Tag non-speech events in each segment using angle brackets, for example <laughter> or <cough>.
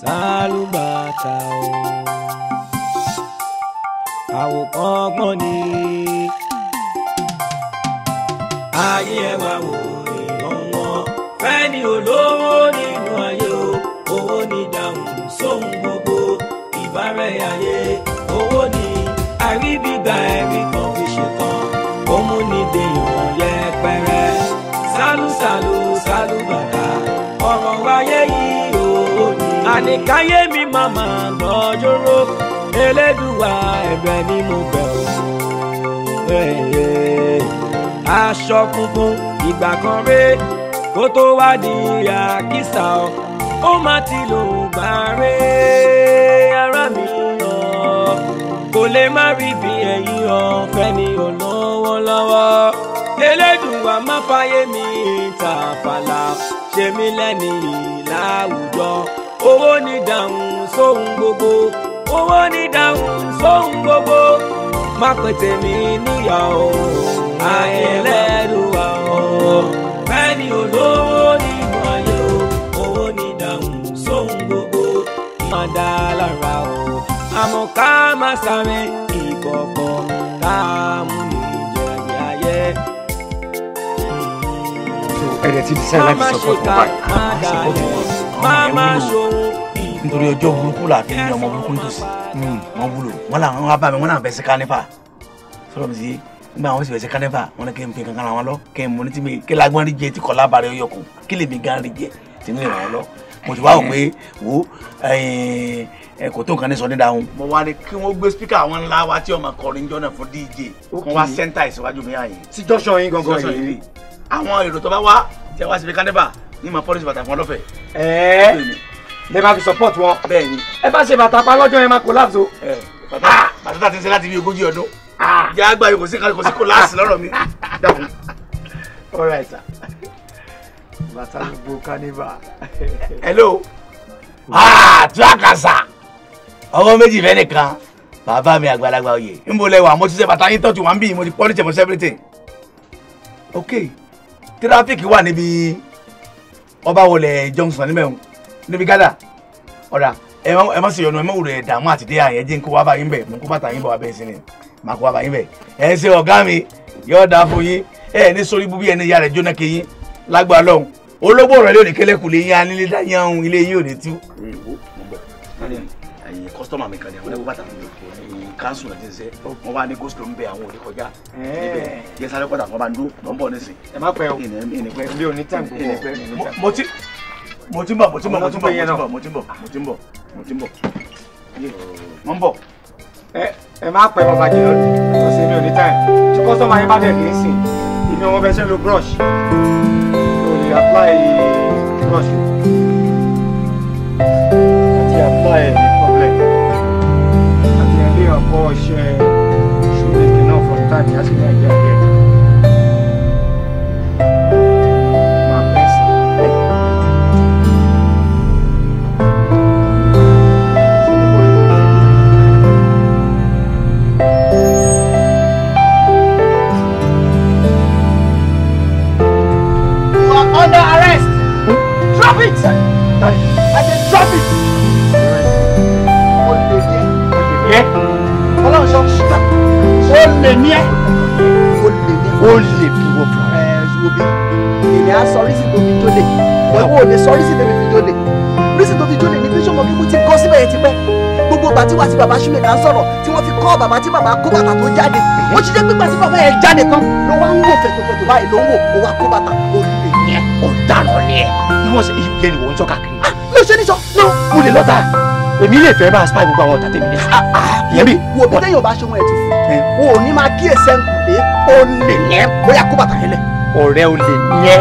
sálúbàtà o àwòkán ọgbọ́n ni ayé ẹ wá wò ìran wọn fẹ́ni olówó nínú ayé o owó ni dáhùn sóhun gbogbo ìbára ẹ̀ ayé owó ni àríbi. ní káyé mi máa máa lọ́jọ́rọ́ elédùwà ẹ̀bẹ̀ ni mo bẹ̀ ọ́. aṣọ funfun ìgbà kan ré kó tó wá di àkísà ọ ó má ti lò gbàré ara mi ọ kò lè má rí bí ẹ̀yin ọ̀fẹ́ ni ò lọ́wọ́lọ́wọ́ elédùnwà má fàyè mi ìtàfàlà ṣe mí lẹ́ni láwùjọ owó ní dáhùn sóhun gbogbo owó ní dáhùn sóhun gbogbo má pètè mí níyà o ayé lẹ́rù o fẹ́ni olówó ní ìmọ̀ye o owó ní dáhùn sóhun gbogbo ìmọ̀ dá lára o àmọ́ ká má sáré ìkọ̀kọ̀ tá a mú ní ìjẹ̀bi ẹ̀rẹ̀ ti di sáyẹn láti sọ fún ọkọ̀ báyìí máa ṣòwò. nítorí ọjọ́ burúkú la fi ní ọmọ burúkú nítòsí hmm, wọ́n wúlò wọ́n là wọ́n bá mi wọ́n là ń bẹ̀ sí kánífà sọ̀rọ̀ mi sí nígbà wọn sì bẹ̀ sí kánífà wọn ni kí n fi kankan àwọn lọ kí n mọ ní tí mi kí lágbọ́n rí jẹ tí kò lábàárẹ̀ ọyọ kù kí lèmi gan rí jẹ tí mi ràn án lọ mo ti wá wò pé wo kò tó nǹkan ní sọ ní dáhùn. mo wá ní kí wọ́n gbé spíkà àwọn ńlá wa tí ọmọ kọrin jọ náà fún dj kan wá sẹ́ńtà ìsíwájú mi àyè. sí jọ́sọ̀ yín gangan yìí. àwọn èrò tó bá wá tí a wá sí fi kánífà ní ma polish bàtà fún ọlọ́fẹ̀. ẹ̀ẹ́ lè máa fi support wọn. bẹ́ẹ̀ni. ẹ bá ṣe bàtà pa lọ́jọ́ yẹn máa collapse o. ẹ bàtà ah! bàtà ń ṣe láti bí ogójì ọdún. jẹ́ ah! àgbà yòókù sí kò sí collapse lọ́rọ̀ mi. all right sir. bàtà gbogbo carnival. hello. Ah, tí a kà sà ọwọ́ méjì fẹ́ nìkan bàbá mi àgbàlagbà oyè ń bo lẹ́wà mo ti ṣe bàtà yín tọ́jú wá ń bí mo ti polish mo ṣe everything. ok tirafiki wà níbi wọ́n bá wọlé Johnson níbẹ̀ ń níbi gádà ọ̀dà ẹ má sì yọnu ẹ má wùrọ̀ ẹ̀ dààmú àti dé àyẹ̀ jẹ́ ń kó wá bá yín bẹ̀ mú kó bàtà yín bọ̀ wá bẹ́ẹ̀ sí ni màá kó wá bá yín bẹ̀ ẹ̀ ń ṣe ọ̀gá mi yóò dáa fún yín ẹ̀ ní sórí búbí ẹni ìyá rẹ̀ jóná kéyín lágbà lọ́hùn ológbò rẹ̀ lóde kélẹ́kù lè yín anílé dáyà ń ilé yín ò lè tú. kọ́sítọ́mà mi kan ni àwọn ẹgbẹ́ bàtà mi kanṣu rẹ ti ṣe wọn wá ní go slow ń bẹ àwọn òde kọjá eh. níbẹ̀ yẹ sáré pọtà wọn bá ń dó lọ ń bọ nísìn. ẹ má pẹ́ o mi ò ní tàn gbogbo mo ti mo ti mo ti mo ti ń mo ti ń mo ti ń mo ti ń bọ̀ mo ń bọ̀. ẹ ẹ má pẹ́ bàbá jẹ ọsẹ mi ò ní tàn tí kọ́sọ́mù ayé bá dẹ̀ kì í sìn ìní ọmọ bẹ́ẹ̀ lo brush o lè apply brush. Àti apply 那明天一定要。olè ní ẹ olè fúwọ́ fún ẹ ṣùgbọ́n èmi á sọ rísì tó fi jólè ìwọ ò lè sọ rísì tó fi jólè rísì tó fi jólè ní fíṣọ́ mọ́ bí mo ti kọ́ síbẹ̀ yẹn ti pẹ́ gbogbo bàbá tí wà tí bàbá ṣúlẹ̀ náà sọ̀rọ̀ tí wọ́n fi kọ́ bàbá tí bàbá kó bàtà tó jáde ó ṣe jẹ́ pípa tí bàbá yẹn jáde tán ló wá ń wò fẹ̀tọ̀fẹ̀tọ̀ báyìí ló ń wò ó wá kó bàtà olè yẹn ọ̀daràn ni ẹ̀ ìwọ̀n ṣe ìyẹn ni wọ́n ń sọ káàkiri. mi ah, ò ṣe ní sọ no mo lè lọ́ta èmi lè fẹ́ bá a spy gbogbo àwọn ọ̀tá tèmi ní. ìyẹn ah, ah, bí wo bí téèyàn bá ṣe wọn ẹ̀ ti fún o ò ní máa kíyèsí ó lè ní bóyá kó bàtà yẹn ọ̀rẹ́ o lè ní ẹ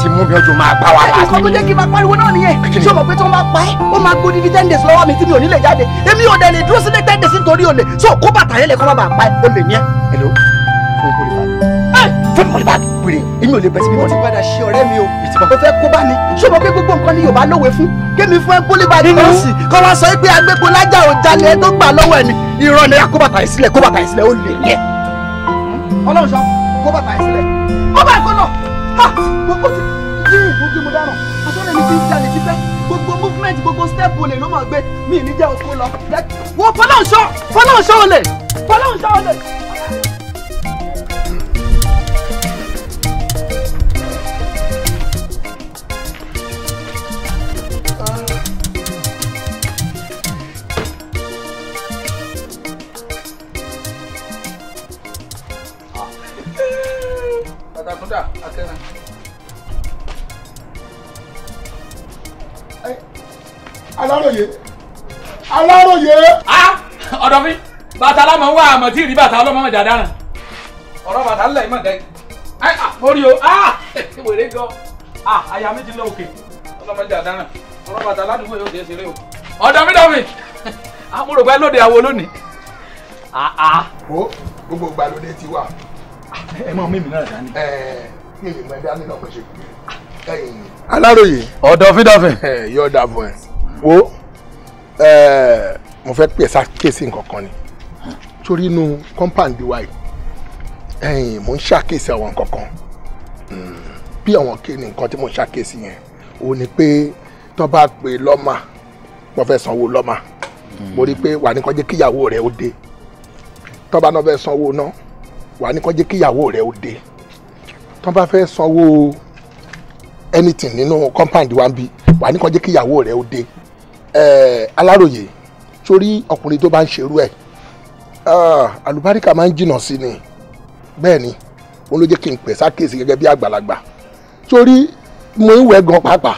ti mú mi ọjọ́ máa pa wá láti. ìkọ́kọ́ jẹ́ kí n máa pariwo náà nìyẹn ṣé o mọ̀ pé tí wọ́n máa pa ẹ́ ó máa gbó dídí ten days lọ́wọ́ mi tí mi ò ní lè jáde èmi ò dẹ̀ lè dúró sílé ten days nítorí olè so kó bàtà yẹn kó má pa ẹ́ ó lè ní hello fún kúrò ìbàdàn fún mi mọ́lẹ́bá wèrè èmi ò lè bẹ̀sí mi mo ti padà ṣe ọ̀rẹ́ mi o. o fẹ́ kó bá ní ṣé o mọ̀ pé gbogbo nǹkan ní Yorùbá lówe fún kémi fún ẹ kó bá ní nọ́ọ̀sì kọ́ wá sọ pé agbépo lájà ò jalè tó gbà lọ́wọ́ ẹ̀ ni irọ́ ni kó bàtà ìsílẹ̀ kó bàtà ìsílẹ̀ ó lè yẹ. Ọlọ́run sọ kó bàtà ìsílẹ̀ ó bá ẹ̀kọ́ náà ha gbogbo ti gbogbo Kàkà tó dà akẹ́rin. Aláròyé. Aláròyé. A ọ̀dọ̀ mi bàtà lámọ̀ wá àmọ̀ tí ìrí bàtà ọlọ́mọ ọjà dáràn. Ọ̀rọ̀ bàtà ńlẹ̀ mọ̀ dẹ́. Mo rí o, <laughs> wèrè gan. Àyà mi ti lọ òkè. Ọlọ́mọ ọjà dáràn. Ọ̀rọ̀ bàtà ládùúgbò yóò ṣe é ṣeré o. Ọ̀dọ̀ mi dọ̀ mi. Amúrògbẹ́ lóde àwo lónìí. Ó gbogbo ìgbàlódé ti wà ẹ mọ mímì náà dání. ẹ kí èyí mọ ẹbí á nínú ọpẹ ṣe ẹyìn. aláròye. ọ̀dọ̀ fídọ̀fìn. ẹ yọ ọ̀dà fún ẹ wo mo fẹ́ pè ṣàkíyèsí nǹkan kan ni torí inú compound wa yìí ẹyìn mo ń ṣàkíyèsí àwọn nǹkan hmm, bí àwọn kéènì nǹkan tí mo ń ṣàkíyèsí yẹn ó ní pé tó bá pè lọ́mà wọ́n fẹ́ sanwó lọ́mà hmm. mo rí i pé wà ní kọjá kíyàwó rẹ̀ ó dé tó bá náà fẹ́ sanwó náà wà ní kàn jẹ́ kí ìyàwó rẹ̀ ó dé tán bá fẹ́ sanwó anything nínú compound wa ń bí wà ní kàn jẹ́ kí ìyàwó rẹ̀ ó dé aláròye sórí ọkùnrin tó bá ń ṣerú ẹ̀ àlùbáríkà máa ń jìnnà sí ni bẹ́ẹ̀ ni òun ló jẹ́ kí n pè sákèsí gẹ́gẹ́ bí àgbàlagbà sórí mo ń gan pàápàá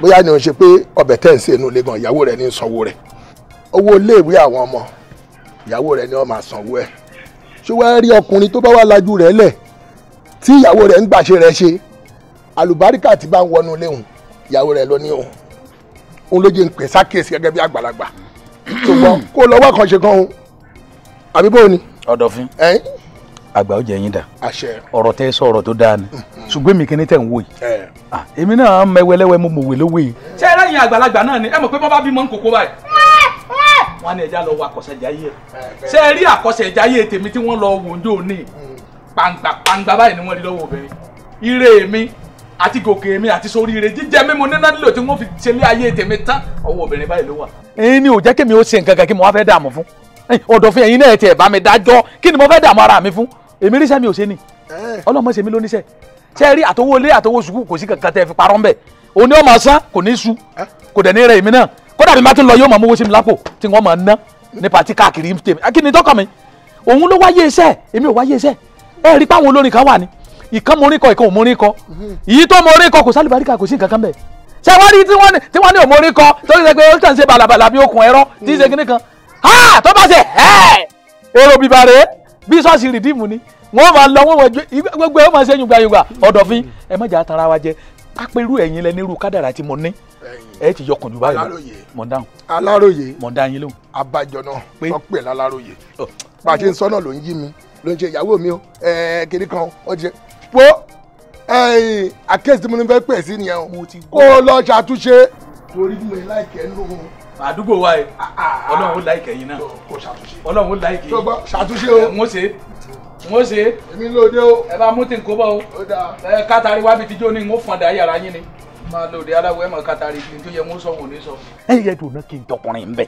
bóyá ni o ṣe pé ọbẹ̀ tẹ̀ ń sè inú ilé gan ìyàwó rẹ̀ ní sanwó rẹ̀ owó iléèwé àwọn ọmọ ìyàwó rẹ̀ ni wọ́n máa sanwó ẹ̀ ṣé wàá rí ọkùnrin tó bá wà lajú rẹ̀ lẹ̀ tí ìyàwó rẹ̀ ń gbàṣe rẹ̀ ṣe àlùbáríkà tí bá ń wọnú léhùn ìyàwó rẹ̀ lọ ní òun òun ló jẹ́ ń pè sákèsí gẹ́gẹ́ bí àgbàlagbà ṣùgbọ́n kó lọ́wọ́ kan ṣe kan òun àbí bóun ni. ọ̀dọ̀fin àgbà ọjà yín dà ọ̀rọ̀ tẹ́ sọ ọ̀rọ̀ tó dáa ni mm-hmm. ṣùgbọ́n èmi kìíní tẹ̀ ń wò yìí èmi náà mẹ́wẹ́lẹ́wẹ́ mo mọ̀wé lówó yìí. ṣé ẹlẹ́yin àgbàlagbà náà ni ẹ mọ̀ pé bọ́ bá bímọ ń kókó báyìí wọn ni ẹja lọ wọ àkọsẹjáyé ṣé ẹ rí àkọsẹjáyé tèmi tí wọn lọ wò ń jò ní hmm. pàǹgbà pàǹgbà báyìí ni wọn rí lọ́wọ́ obìnrin ire mi àti gòkè mi àti sórí ire jíjẹ mi mo níná nílò tí wọn fi ṣẹlẹ̀ ayé tèmi tán ọwọ́ obìnrin báyìí ló wà. ẹyin ni ò jẹ́ kí mi ó ṣe nǹkan kan kí mo wá fẹ́ dààmú fún ọ̀dọ̀ fún ẹ̀yin náà tiẹ̀ bá mi dájọ́ kí ni mo fẹ́ dààmú ara mi fún èmi ríṣẹ́ mi ò ṣe ni ọlọ́mọ ṣe mi ló níṣẹ́ ṣe rí àtọwọ́ ilé àtọwọ́ sùkúù kò sí kankan tẹ́ fi parọ́ ń òní ọmọ asán kò ní su kò dẹ̀ ní rẹ̀ èmi náà kódà bí má tún lọ yóò mọ̀ mówó sí mi lápò tí wọ́n mọ̀ ń ná ní pàtí káàkiri tèmi kí ni tọ́kàn mi òun ló wáyé iṣẹ́ èmi ò wáyé iṣẹ́ ẹ rí páwọn olórin kan wà ní ìkan mo rí kọ ìkan ò mo rí kọ èyí tó mo rí kọ kò sálùbáríkà kò sí nǹkan kan bẹ́ẹ̀ ṣé wọ́n rí tí wọ́n ní tí wọ́n ní ò mo rí kọ tó ṣe pé ó tàn ṣe bàlàbàlà bí okùn ẹ̀rọ tí ń ṣe kinní kan ha tó bá ṣe ẹ̀ èrò bìbà rèé bí ṣọ́ọ̀ṣì rìdíìmù ni wọ́n máa lọ wọ́n máa gbé máa ṣe yùgbàyùgbà ọ̀dọ̀fin ẹ má jà tanra wa jẹ apẹ̀rù ẹ̀yin lẹ́ni irú kádàrà tí mo ní ẹ ti yọkàn jù báyìí lọ mọ̀ dáhùn. aláròye mọ̀ náà wọ́n pè láláròye oh. pàṣẹ sọ́nà ló ń yí mi ló ń ṣe ìyàwó mi o kiri kan ó ti ṣe wo àkéésì tí mo fẹ́ pè sí nìyẹn o kó lọ ṣàtúnṣe torí mo ní láìkẹ́ nù àdúgbò wa yìí ah, ah, ah. ọlọ́run ó láìkẹ́ yín náà ọlọ́run ó láìkẹ́ yín ṣàtúnṣe o mo ṣe. èmi lóde o. ẹ bá mú tí n kó bọ o. ó dáa. ẹ kátàrí wá bí tijó ni n ó fọ̀ǹdà yàrá yín ni. máa lòdì aláwọ̀ ẹ̀ mọ̀ kátàrí kí n tó yẹ mú sọ wò ní sọ. ẹ yẹ dùn náà kí n tọkùnrin ń bẹ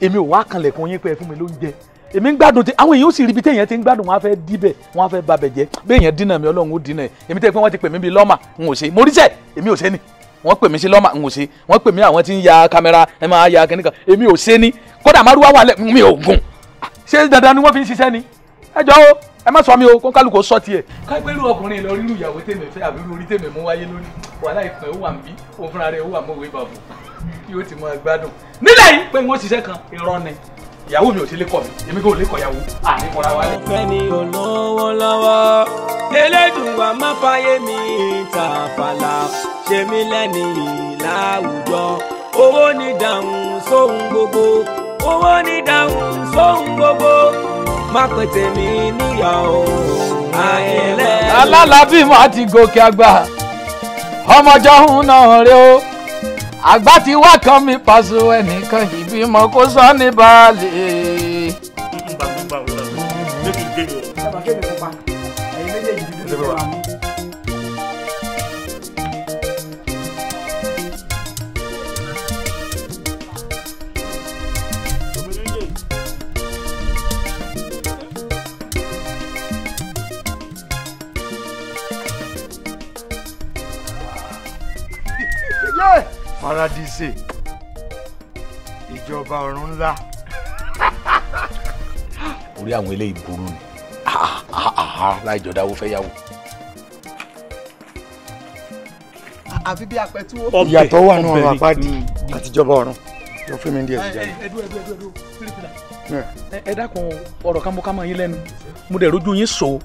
èmi ò wá kanlẹ̀kùn yín pé ẹ fún mi lóúnjẹ èmi ń gbádùn tí àwọn èèyàn o sì rí ibi tí èèyàn ti ń gbádùn wọn á fẹ́ díbẹ̀ wọn á fẹ́ babẹ̀ jẹ́ bí èèyàn dínà mi ọlọ́run ó dínà ẹ̀ èmi tẹ́ pé wọ́n ti pè mí bíi lọ́mà n o ṣe mo rí sẹ́ èmi ò ṣe ni wọ́n pè mí sí lọ́mà n ò ṣe wọ́n pè mí àwọn tí ń ya kámẹ́rà ẹ máa ya kíníkan èmi ò ṣe ni kódà márùwá wà lẹ́ mi ò gùn ah, ṣé dandan ni wọ́n fi ń ṣiṣẹ́ ni ẹ jọ̀ọ́ ẹ má sọ mi o kó kálukú sọ tiẹ̀. kápẹ́rù ọkùnrin lọ rírù ìyàwó tèmi fẹ́ àbí orí tèmi mú wáyé lórí wàhálà ìpín ó wà ń bí òun fúnra rẹ̀ ó wà mọ́wé bàbò yóò ti mọ gbádùn. nílẹ̀ yìí pé wọ́n ṣiṣẹ́ kan irọ́ ni ìyàwó mi ò sí lè kọ̀ mi èmi kò lè kọ̀ ìyàwó àní kọ́ra wa lẹ. ọ̀fẹ́ ni olówó lọ́wọ́ elédùnwà má fàyè mi tàfàlà ṣe mí lẹ́ni láwùjọ owó ní dáhùn sóhun gbogbo owó ní dáhùn sóhun gbogbo má pè tèmi níyàwó ayẹlẹ. alálàbí mà ti gòkè àgbà ọmọjọ́ ń nà rẹ o àgbà tí wá kan mi pàṣẹ ẹnìkan ìbímọ kó sọ ní balẹ̀. paradise ìjọba ọ̀run ńlá. orí àwọn eléyìí burú ni láì jọ dáwó fẹ́ yàwó. àfi bí apẹtúwó. ìyàtọ̀ wà nù ọ̀rọ̀ àpáàdì àtijọba ọ̀run tó fún mi díẹ̀ díẹ̀. ẹdú ẹdú ẹdú ẹdú fílípìlà ẹ dákun ọ̀rọ̀ kan bọ́ ká máa yín lẹ́nu mo dẹ̀ rojú yín so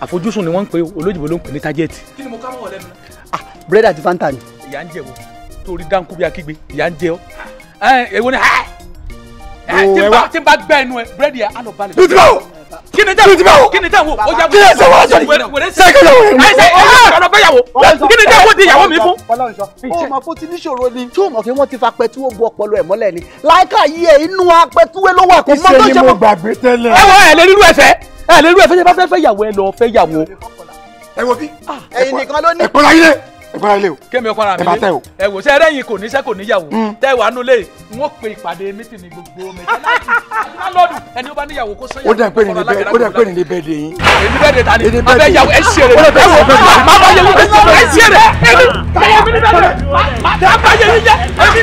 àfojúsùn ni wọ́n ń pè olójúbọ ló ń pè ní tájẹ́ẹ̀tì. kí ni mo ká mọ̀ lẹ́nu. ah búrẹ́dì àti fanta ni. ìyá ń jẹ̀ wò torí dáńkú bí akígbe ìyá ń jẹ ọ èwo ni tí n bá tí n bá gbẹ ẹnu ẹ búrẹ́dì yẹn á lọ balẹ̀. bùtùmá o kíni tẹ wo kíni tẹ wo o jà bùtùmá. kíni tẹ wo sọ̀rọ̀ sẹkẹ lọ wẹrẹ. ẹ ṣe ẹ ṣe ah! ọ̀rọ̀ bẹ́yàwó kíni tẹ wo di ìyàwó mi fún. o mọ̀ fún ti níṣòro ni. tí o mọ̀ fún wọn ti fa pẹtuwo bu ọpọlọ ẹ̀ mọ́lẹ̀ ni láìka yìí ẹ inú apẹtuwe ló wà kó mọ́ tó jẹ́ mọ́. ẹ wọ ẹ lè rírú ẹ̀fẹ̀ ẹ lè rírú ẹ̀fẹ̀ tẹ bá fẹ́ fẹ́ yàwó ẹ lọ fẹ́ yàwó. ẹ wo bí ah. ẹ̀yin nìkan ló ní. ẹ ẹ̀kọ́ra ilé o kémi ọkọ̀ra mi lé ẹ wò sẹ́ ẹ̀rẹ́yìn kò níṣẹ́ kò níyàwó tẹ́ nù lé n ó pe ìpàdé mítìnì gbogbo mẹtẹ́láàtì lálọ́dù ẹni ó bá níyàwó kó sọ́yà ó dẹ̀ pé nílé bẹ́ẹ̀ ó dẹ̀ pé nílé bẹ́ẹ̀ de yín. èmi bẹ́ẹ̀ de ta ni a bẹ́ẹ̀ yàwó ẹ ṣe ẹ wò má bá yẹ wípé ẹ ṣe rẹ̀ èmi bẹ́ẹ̀ yẹ mi bẹ́ẹ̀ má bá yẹ yíyẹ èmi.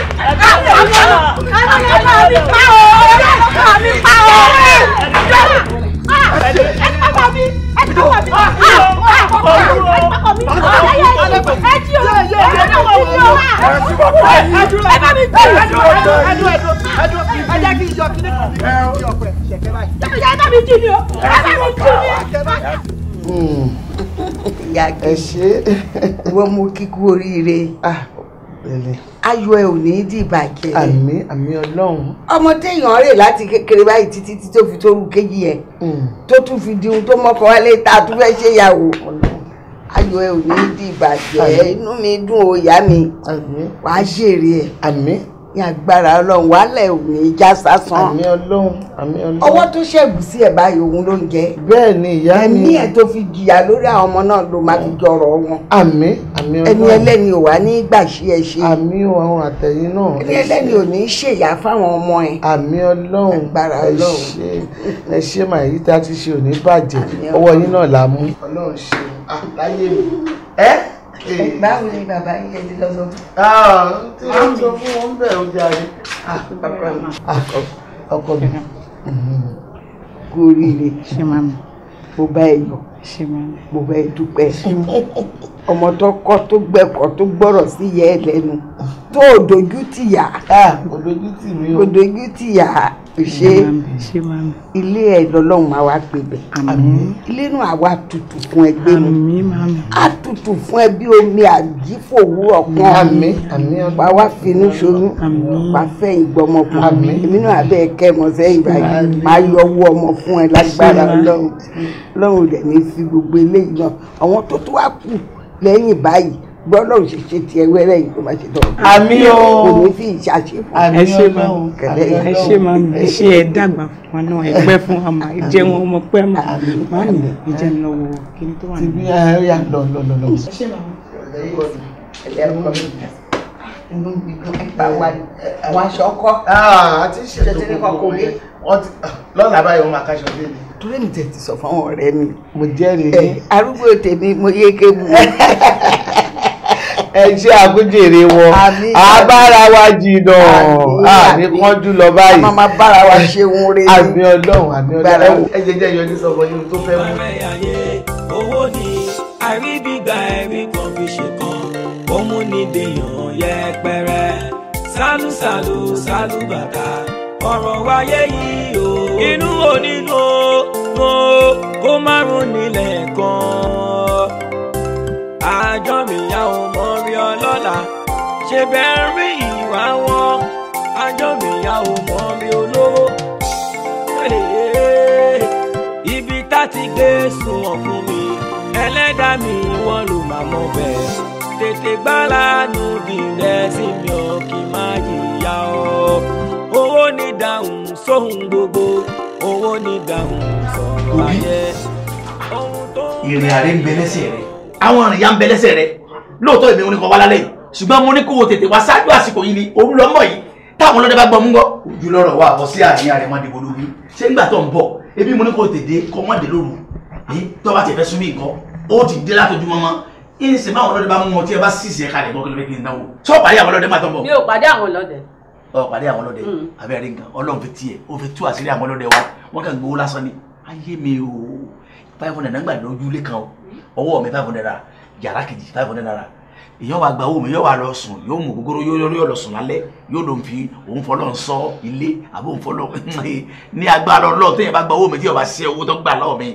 ẹ ká bá mi pa ẹ ṣe. wọ́n mú kíkú oríire. ah ayọ̀ ẹ ò ní di ìbàjẹ́. àmín àmín ọlọ́run. ọmọ téèyàn rè láti kékeré báyìí títí tí tó fi tó rú kéjì ẹ hmm. tó tún fi di ohun tó mọ́kọ wálé tá a tún fẹ́ ṣe ìyàwó ayọ̀ ẹ ò ní di ìbàjẹ́ inú mi dùn ó yá mi wàá ṣèrè ẹ. àmín ní agbára ọlọ́run wàhálẹ̀ ò ní já sásán. àmì ọlọ́run àmì ọlọ́run. ọwọ́ tó ṣẹ̀gùn sí ẹ̀ báyìí òun ló ń jẹ. bẹ́ẹ̀ ni ìyá mi. ẹ̀mí ẹ̀ tó fi jìyà lórí àwọn ọmọ náà ló máa fi jọrọ̀ wọn. àmì àmì ọlọ́run. ẹni ẹlẹ́ni ò wá ní gbà ṣí ẹ ṣe. àmì àwọn àtẹ̀yìn náà. ẹni ẹlẹ́ni ò ní ṣèyà fáwọn ọmọ ẹ. àmì ọlọ́run agbára ọlọ́run. ẹ ṣe màá yí tá a ti ṣe òní bàjẹ́ ọwọ́ yín náà la mú. ọlọ́run ṣe ah, láyé mi. ẹ́ Eh. báwo ni bàbá yín yẹ lọ sọ fún. Ah, tí wọ́n sọ fún wọn bẹ́ẹ̀ ó jáde ọkọ mi kú oríire ó bá ẹ yọ mo bẹ dúpẹ́ ọmọ tó kọ́ tó gbẹ̀kọ́ tó gbọ́rọ̀ sí yẹ ẹ lẹ́nu tó ah, o dojú tìyà o dojú tìyà ṣe ilé ẹ lọ́lọ́run máa wá gbébẹ̀ ilé inú àwa tutù fún ẹ gbé mi á tutù fún ẹ bí omi àjífò wúrọ̀ kan mi wàá wá finú ṣonú wàá fẹ̀yìn gbọmọkùn èmi náà abẹ́ kẹ́ ẹ mọ̀ sẹ́yìn báyìí máa yọ owó ọmọ fún ẹ lágbára ọlọ́run ọlọ́run ò dẹ̀ ní f sí gbogbo eléyìí náà àwọn tó tó wá kù lẹ́yìn báyìí gbọ́dọ̀ ṣe ṣe tiẹ̀ wẹ́rẹ́ yìí kó má ṣe tọ̀. àmì o kò ní sí ìṣàṣe fún mi. ẹ ṣe máa ẹ ṣe máa ẹ ṣe ẹ dàgbà fún wa náà ẹgbẹ́ fún wa máa jẹ wọn ọmọ pẹ́ mà má nì í jẹ́ ń lọ́wọ́ kí n tó wà ní. ẹ máa mi inú mi gan wa wá àti ìṣètò kòkòrò yẹn. Ah, lọ́la báyìí wọ́n máa káṣọ dé ni. torí ẹni tẹ̀ ti sọ fáwọn ọ̀rẹ́ mi. mo jẹ́rìí. ẹ arúgbó tèmi mo yé kébù. ẹ ṣe àkójèrè wọn àbára wa jìnnà àní kánjú lọ báyìí. a máa bára wa ṣe ń re. àmì ọlọ́run àmì ọlọ́run ẹ jẹ́ jẹ́ yọjú sọ fún yín tó fẹ́ mú. owó ni àríbígbà ẹ̀rí kan fi ṣe kan òun ni dèèyàn yẹpẹrẹ sálúsálú sálúbàtà ọ̀rọ̀ wáyé yìí o. inú onílò mo kó márùn nílẹ̀ gan-an. àjọ mi yá o mọ rí ọ lọ́la ṣe bẹ́ẹ̀ rí ìwà wọn. àjọ mi yá o mọ rí olówó. ibi tá ti gbé sùn ọ̀fun mi ẹlẹ́dàá mi wọ́n lò máa mọ bẹ́ẹ̀. tètè gbára nù bí rẹ̀ sí mi ò kì má yíyá ọ dáhùn sóhun gbogbo owó ní dáhùn sọ̀rọ̀ ayé. ìrìn àárẹ̀ ń bẹ lẹ́sẹ̀ rẹ̀ àwọn àrùn ya ń bẹ lẹ́sẹ̀ rẹ̀ lóòótọ́ èmi oníkan wá lálẹ́ yìí ṣùgbọ́n mo ní kó o tètè wá ṣáájú àsìkò yìí ni òru lọ́mọ yìí táwọn ọlọ́dẹ bá gbọ́ mú gbọ́. ojú lọ́rọ̀ wà bọ́ sí àárín àrẹ̀mọ́débọ̀ lórí ṣé nígbà tó ń bọ̀ ebi mo ní kó o tètè kọ́ mọ́dé lóru ní tó bá ti fẹ́ súnmí nǹkan ó ti dé látọjúmọ́ mọ́ ìṣèbáwọn ọlọ́dẹ bá mú wọn tí ẹ bá sì ṣe kalẹ̀ gbọ́kẹ́lẹ́fẹ́ kí n náwó. sọ́ọ̀pù ayé àwọn ọlọ́dẹ má tọ́ bọ̀. mi ò pàdé àwọn ọlọ́dẹ ọ pàdé àwọn ọlọ́dẹ abẹ́rẹ́ hmm. nǹkan ọlọ́run fi tiẹ̀ ó fi tú àṣírí àwọn ọlọ́dẹ wa wọ́n kàn gbowó lásán ni ayé mi o five hundred náà gbàdúrà ojú ilé kan o ọwọ́ mi five hundred naira yàrá kejì five hundred naira èèyàn wa gba owó mi yóò wá lọ sùn yóò mú gbogbo yóò lọ sùn lálẹ́ yóò lòun fi òun fọlọ́ ń sọ ilé àbò òun fọlọ́ <laughs> ní agbára ọlọ́run téèyàn bá gba owó mi tí ọba sí owó tó gbà lọ́wọ́ mi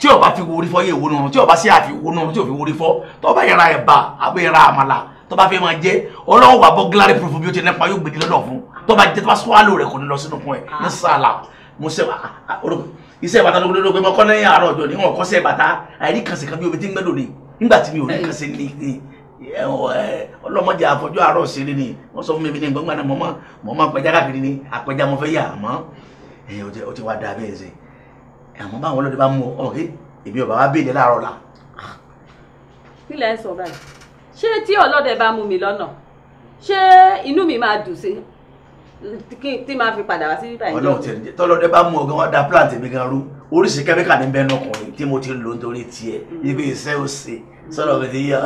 tí ọba fi wo orí yé ìwónú tí ọba sí àfi ìwónú tí ò fi wo orí fọ́ tọ́ba yẹra ẹ̀bà àbẹ́yẹra àmàlà tó bá fẹ́ máa jẹ́ ọlọ́run wà bọ́ gíláàrí púrúfù bí ó ti nípa yóò gbèdé lọ́dọ̀ fún tó bá jẹ tó bá swallow rẹ̀ kò ní lọ sínú fún ẹ ah. ní sàlà mo ṣe iṣẹ́ bàtà ló gbẹdọ̀ pé mo kọ́ lẹ́yìn àárọ̀ ọjọ́ níwọ̀n kọ́ṣẹ́ bàtà àìrí kànṣe kan bí omi ti ń gbẹ́dọ̀ ni nígbà tí mi ò rí eh. kànṣe ni ọlọ́mọdé àfọjú àárọ̀ ṣeré ni wọ́n sọ fún mi ní gbọ́ngbà náà mo máa pẹja káàkiri ni àpẹja mo fẹ́ yà àmọ́ o ti wá da bẹ́ẹ̀ ṣe àmọ́ báwọn ọlọ́dẹ bá mú ọ ọ̀hẹ́ èmi ò bá wá bèèrè láàárọ̀ la. kí lẹ sọ báyìí ṣé tí ọlọ́dẹ bá mú mi lọ́nà ṣé inú mi máa dùn sí tí máa fi padà wá sí bíbá ìjọba. Ọlọ́run tẹ tọlọdẹ bá mú ọgán wá da plant mi gan rú oríṣi kẹ́míkà ní bẹ́ẹ̀ nọkùnrin tí mo ti ń lò nítorí tiẹ̀ mm. ibi iṣẹ́ ò ṣe sọ̀rọ̀ mi ti yá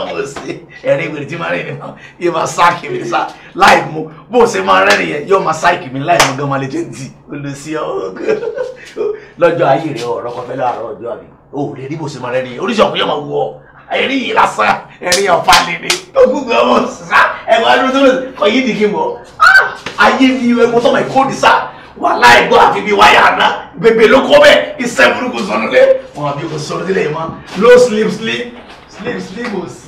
ọmọ ṣe ẹ̀rín ìgbèrè tí máa rìn nìkan yóò máa sáàkì mi sá láì mú bó ṣe máa rẹ́rìn yẹn yóò máa sáàkì mi láì mú gan máa lè jẹ́ ti olùsí lọ́jọ́ ayé rẹ̀ ọ̀rọ̀ kan fẹ́ láàárọ̀ ọjọ́ àbí o lè rí bó ṣe máa rẹ́rìn yẹn oríṣi ọkùnrin yóò máa wọ ẹ̀rí yìí lásán ẹ̀rí ọ̀pá lèlè ogúngbẹ̀ ọmọ sá ẹ̀wọ̀n adúlọ́dúnrún kọ yìí dìkì mọ́ ayé mi ẹ̀wọ̀n sọ́mọ ìkóòdì sá wà láìgbọ́ àfi bí wáyà àná bèbè ló kọ́ bẹ́ẹ̀ iṣẹ́ burúkú sọ̀rọ̀lẹ́ wọn àbí kò sọ̀rọ̀ sílẹ̀ yìí mọ́ low sleep sleep sleep sleep ò sí.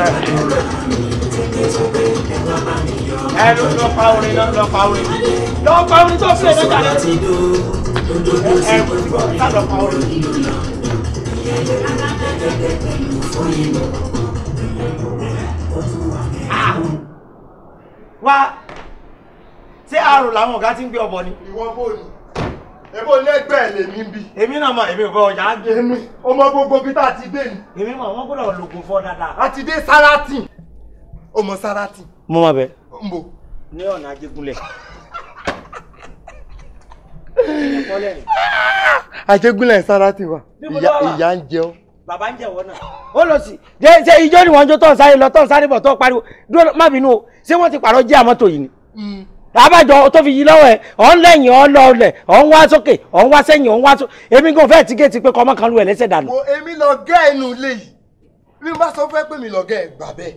ẹ lọ pa orin lọ lọ pa orin lọ pa orin tó fẹ́ lọ́jà lọ sí ẹ ẹ ká lọ pa orin. Ah! wá ṣé àrò làwọn ni. ìwọ bò ni. Ebo lẹ́gbẹ̀ẹ́ lèmi bi. emi na ma èmi bọ ọjà gbé. Èmi ọmọ gbogbo bi ta ti de. ni. emi ma wọ́n gbọ́dọ̀ lògùn dáadáa. A ti de Sárátì. O mọ Mo bẹ. N bò. Ní ọ̀nà wa. Ìyá ń jẹun. Bàbá ń náà. Ó lọ sí. ni wọ́n jó sáré lọ sáré bọ̀ pariwo? Dúró bínú o. Ṣé wọ́n ti jẹ́ àmọ́tò yìí ni? Mm. abájọ tó fi yí lọ́wọ́ ẹ̀ ọ̀ ń lẹ́yìn ọ̀ ń lọ ọlẹ̀ ọ̀ ń wá sókè ọ̀ ń wá sẹ́yìn ọ̀ ń wá sókè èmi kò fẹ́ẹ̀ tíkẹ́ẹ̀tì pé kọ́mọ́ kan ẹ̀ lẹ́sẹ̀ dànù. mo èmi lọ gẹ́ inú ilé yìí bí mo bá sọ fẹ́ pé mi lọ gẹ́ ẹ̀ gbà bẹ́ẹ̀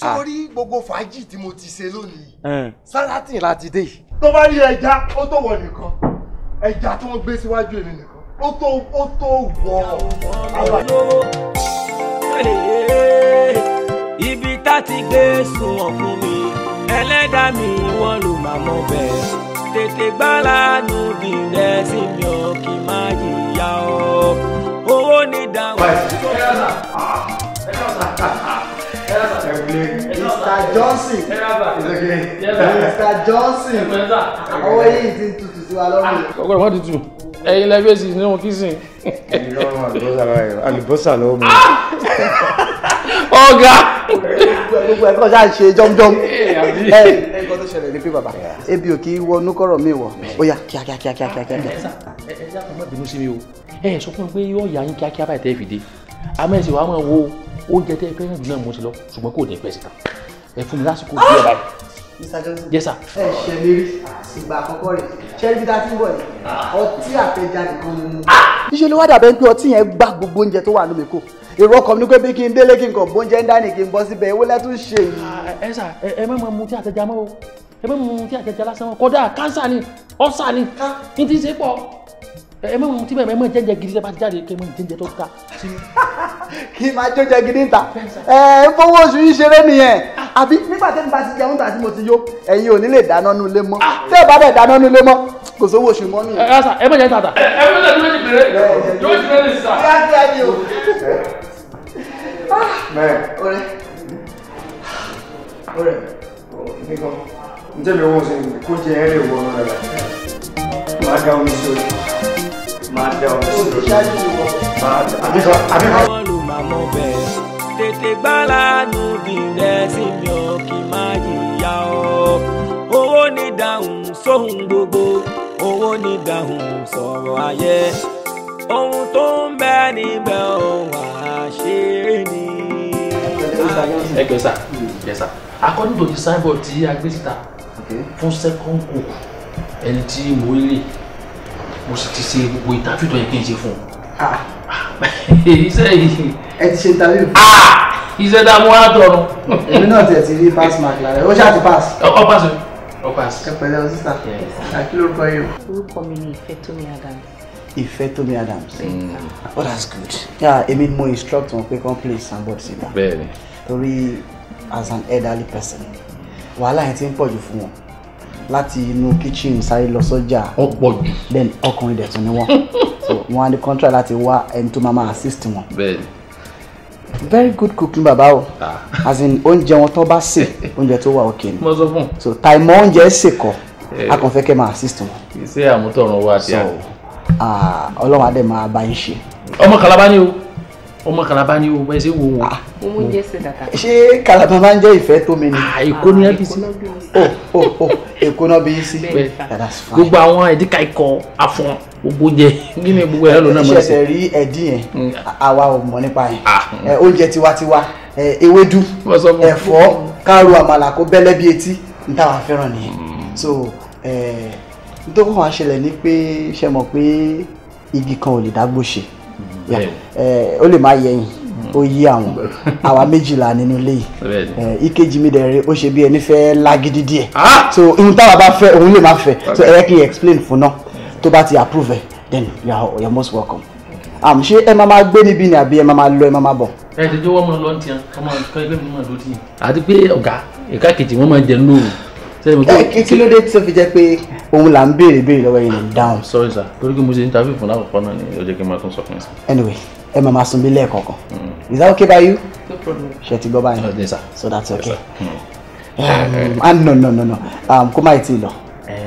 ah. sórí gbogbo fàájì tí mo ti ṣe lónìí sálátì láti dé yìí. tó bá rí ẹja ó tó wọ nìkan ẹja tó ń gbé síwájú èmi nìkan ó tó wọ ibi ẹlẹ́dà mi wọ́n lò má mọ́ bẹ́ẹ̀ tètè gbálánú bí nẹ́ẹ̀sì mi ò kì má jìyà ọ́ owó ní ìdáhùn. Mr. Johnson Mr. Johnson owó yìí ti tutù sí wa lọ́wọ́. ọgbọ́n wọn tutù ẹ̀yin lẹ́gbẹ̀ẹ́sì nínú kìsìn. àlùbọ́sà lọ́wọ́ mi. <laughs> ọ̀gá. gbogbo ẹ̀kọ́ ṣáà ṣe jọ́mjọ́m. ẹ ẹ kọ́ tó ṣẹlẹ̀ ní pé bàbá ebi ò kì í wọnú kọ́rọ̀ mi wọ̀ ó yá kíákíá kíákíá kíákíá. ẹ ẹ sábà má bínú sí mi o ẹ ẹ sọ fún mi pé yóò yá yín kíákíá báyìí tẹ́ fi dé àmọ́ ẹ sì wàá máa wo oúnjẹ tẹ́ fẹ́ràn jù náà mo ti lọ ṣùgbọ́n kò ní pẹ́ síta ẹ fún mi lásìkò bí ẹ báyìí. Mr. Johnson yes sir. ẹ ṣe mi rí ìgbà àkọ́kọ́ rẹ̀ ṣe ibi tá a ti ń bọ̀ yìí ọtí àtẹ̀já nìkan ni mo. níṣẹ́ ló wá dàbẹ́ pé ọtí yẹn gbá gbogbo oúnjẹ tó wà lómi kò èrò ọkọ mi ní pé bí kí n délé kí n kàn bóúnjẹ ń dání kí n bọ́ síbẹ̀ ewé lẹ́tún ṣe yìí. ẹ sà ẹ má máa mu tí àtẹ̀já mọ́ o ẹ má mu tí àtẹ̀já lásán mọ́ kódà kánsà ni ọ̀sà ni ní ah. ti ṣe pọ̀ ẹ mọ ohun tí bẹ́ẹ̀ mọ jẹ́jẹ́ gidi tẹ́ bá ti jáde kẹ́ mọ jẹ́jẹ́ tó ta. <laughs> kí n máa jó jẹ gidi ń ta ẹ ń oṣù yìí ṣeré nìyẹn àbí nígbà tẹ́mi bá ti jẹun tàbí mo ti yó ẹ̀yin ò ní lè dáná nu ilé mọ́ tẹ́ ẹ bá bẹ̀ dáná nu ilé mọ́ kò sówó oṣù mọ́ nìyẹn. ẹ ẹ sà ẹ bẹ̀rẹ̀ tàtà. ẹ ẹ bẹ̀rẹ̀ tó ti bèrè yóò ti bẹ̀rẹ̀ sà. kíákíá ni o. mẹ́ẹ̀ ọ̀rẹ́ ọ̀rẹ́ nìkan njẹ́ mi wọ́n ṣe kó jẹ ẹ́ lè wọ ọ̀rọ̀ rẹ̀ máa dá omi sórí máa dá omi sórí máa dá àbíkọ́ àbíkọ́ tètè gbálànù bìrẹ̀ sí mi ò má jìyà ọ́. owó ní dáhùn sóhun gbogbo owó ní dáhùn sọ̀rọ̀ ayé. ohun tó ń bẹ níbẹ̀ ohun àṣírí ni. ẹ kẹ́ sà kẹ́ sà according to the signboard tí a gbé síta fún second cook ẹni tí mo lè mo sì ti ṣe gbogbo ìtàfíìtàn yẹn kí n ṣe fún un iṣẹ́ yìí. ẹ ti ṣe tàbí ìfọ. iṣẹ́ tá a mú wá tọrọ. èmi náà tiẹ̀ ti rí pass mark lára ó ṣáà ti pass. ọ pass o ọ pass. ẹ pẹ̀lẹ́ o sísà àkí ah, lórúkọ yìí o. orúkọ mi ni Ìfẹ́tómi Adams. Ìfẹ́tómi Adams. Mm. oh that's good. èmi mo instruct wọn pé kàn play soundboard síta. bẹ́ẹ̀ni. torí as an elderly person wàhálà yẹn ti ń pọ̀jù fún wọn láti inú kitchen sáré lọ sọ́jà. ọ̀pọ̀ jù. then ọkùnrin dẹ̀ tún ni wọ́n so wọ́n á ní contract láti wá ẹni tó máa máa assist wọn. bẹ́ẹ̀ni. very good cooking bàbá o ah. as in oúnjẹ wọn tó bá sè oúnjẹ tó wà òkè ni. mo sọ fún. so tàìmọ̀ oúnjẹ sè kọ́ eh. a kàn fẹ́ kẹ́ máa assist wọn. ṣé àmútọ̀run wa ti à. Ah, ọlọ́run á dẹ̀ máa bá yín ṣe. ọmọ kalaba ni o ọmọ kalaba ni o ẹsẹ wo wo. Ah, ṣé kalaba máa ń jẹ́ ìfẹ́ tó mi ni. Ah, èkó ni ẹbí sí o o èkó náà bí sí. gbogbo àwọn ẹ̀díkà ikọ̀ afọ̀n gbogbo jẹ gíní gbogbo ẹ̀rọ lọ́nà mọ́ sí. ṣẹ̀ṣẹ̀ rí ẹ̀dín yẹn mm. àwa ò mọ̀ nípa yẹn ah. oúnjẹ tiwantiwa ewédú ẹ̀fọ́ káàrò àmàlà kó bẹ́lẹ́ bí etí ní táwa fẹ́ràn nìyẹn mm. so nítorí wọn ṣẹlẹ̀ ní pé ṣe mọ̀ pé igi kan ò lè dágbó ṣe. Eh, ó lè má yẹ yín hmm. ó yí àwọn <laughs> àwa méjìlá nínú ilé yìí eh, ìkejì mi dẹ̀rẹ̀ ó ṣe bí ẹni fẹ́ lágídí díẹ̀ ah! so ihun táwa bá fẹ́ òun lè má fẹ́ so ẹ yẹ kí n explain fún náà tó bá ti approve ẹ then you are, you are most welcome àmì um, ṣé ẹ máa máa gbé níbí ni àbí ẹ máa máa lọ ẹ máa máa bọ̀. ẹ ti jẹ́ wọ́n mọ̀ lọ́n tiẹ̀ ọmọ ìkọ́ ẹgbẹ́ mi mọ̀ ló ti. àti pé ọ̀gá ìka kejì wọ́n máa jẹ lóru. ẹ eh, kí ló dé tó fi jẹ́ pé òun là ń béèrè béèrè lọ́wọ́ yìí dáhùn. sorry sir torí pé mo ṣe interview fún lákòókò náà ni ó jẹ́ kí n máa tún sọ fún yín. anyway ẹ máa máa sun bí lẹ́ẹ̀kọ̀ọ̀kan mm. is that okay by you. no problem. ṣe ti gbọ́ báyìí. no sir. so that's okay. Mm. Um, ah no no no no um, kó má ì tí lọ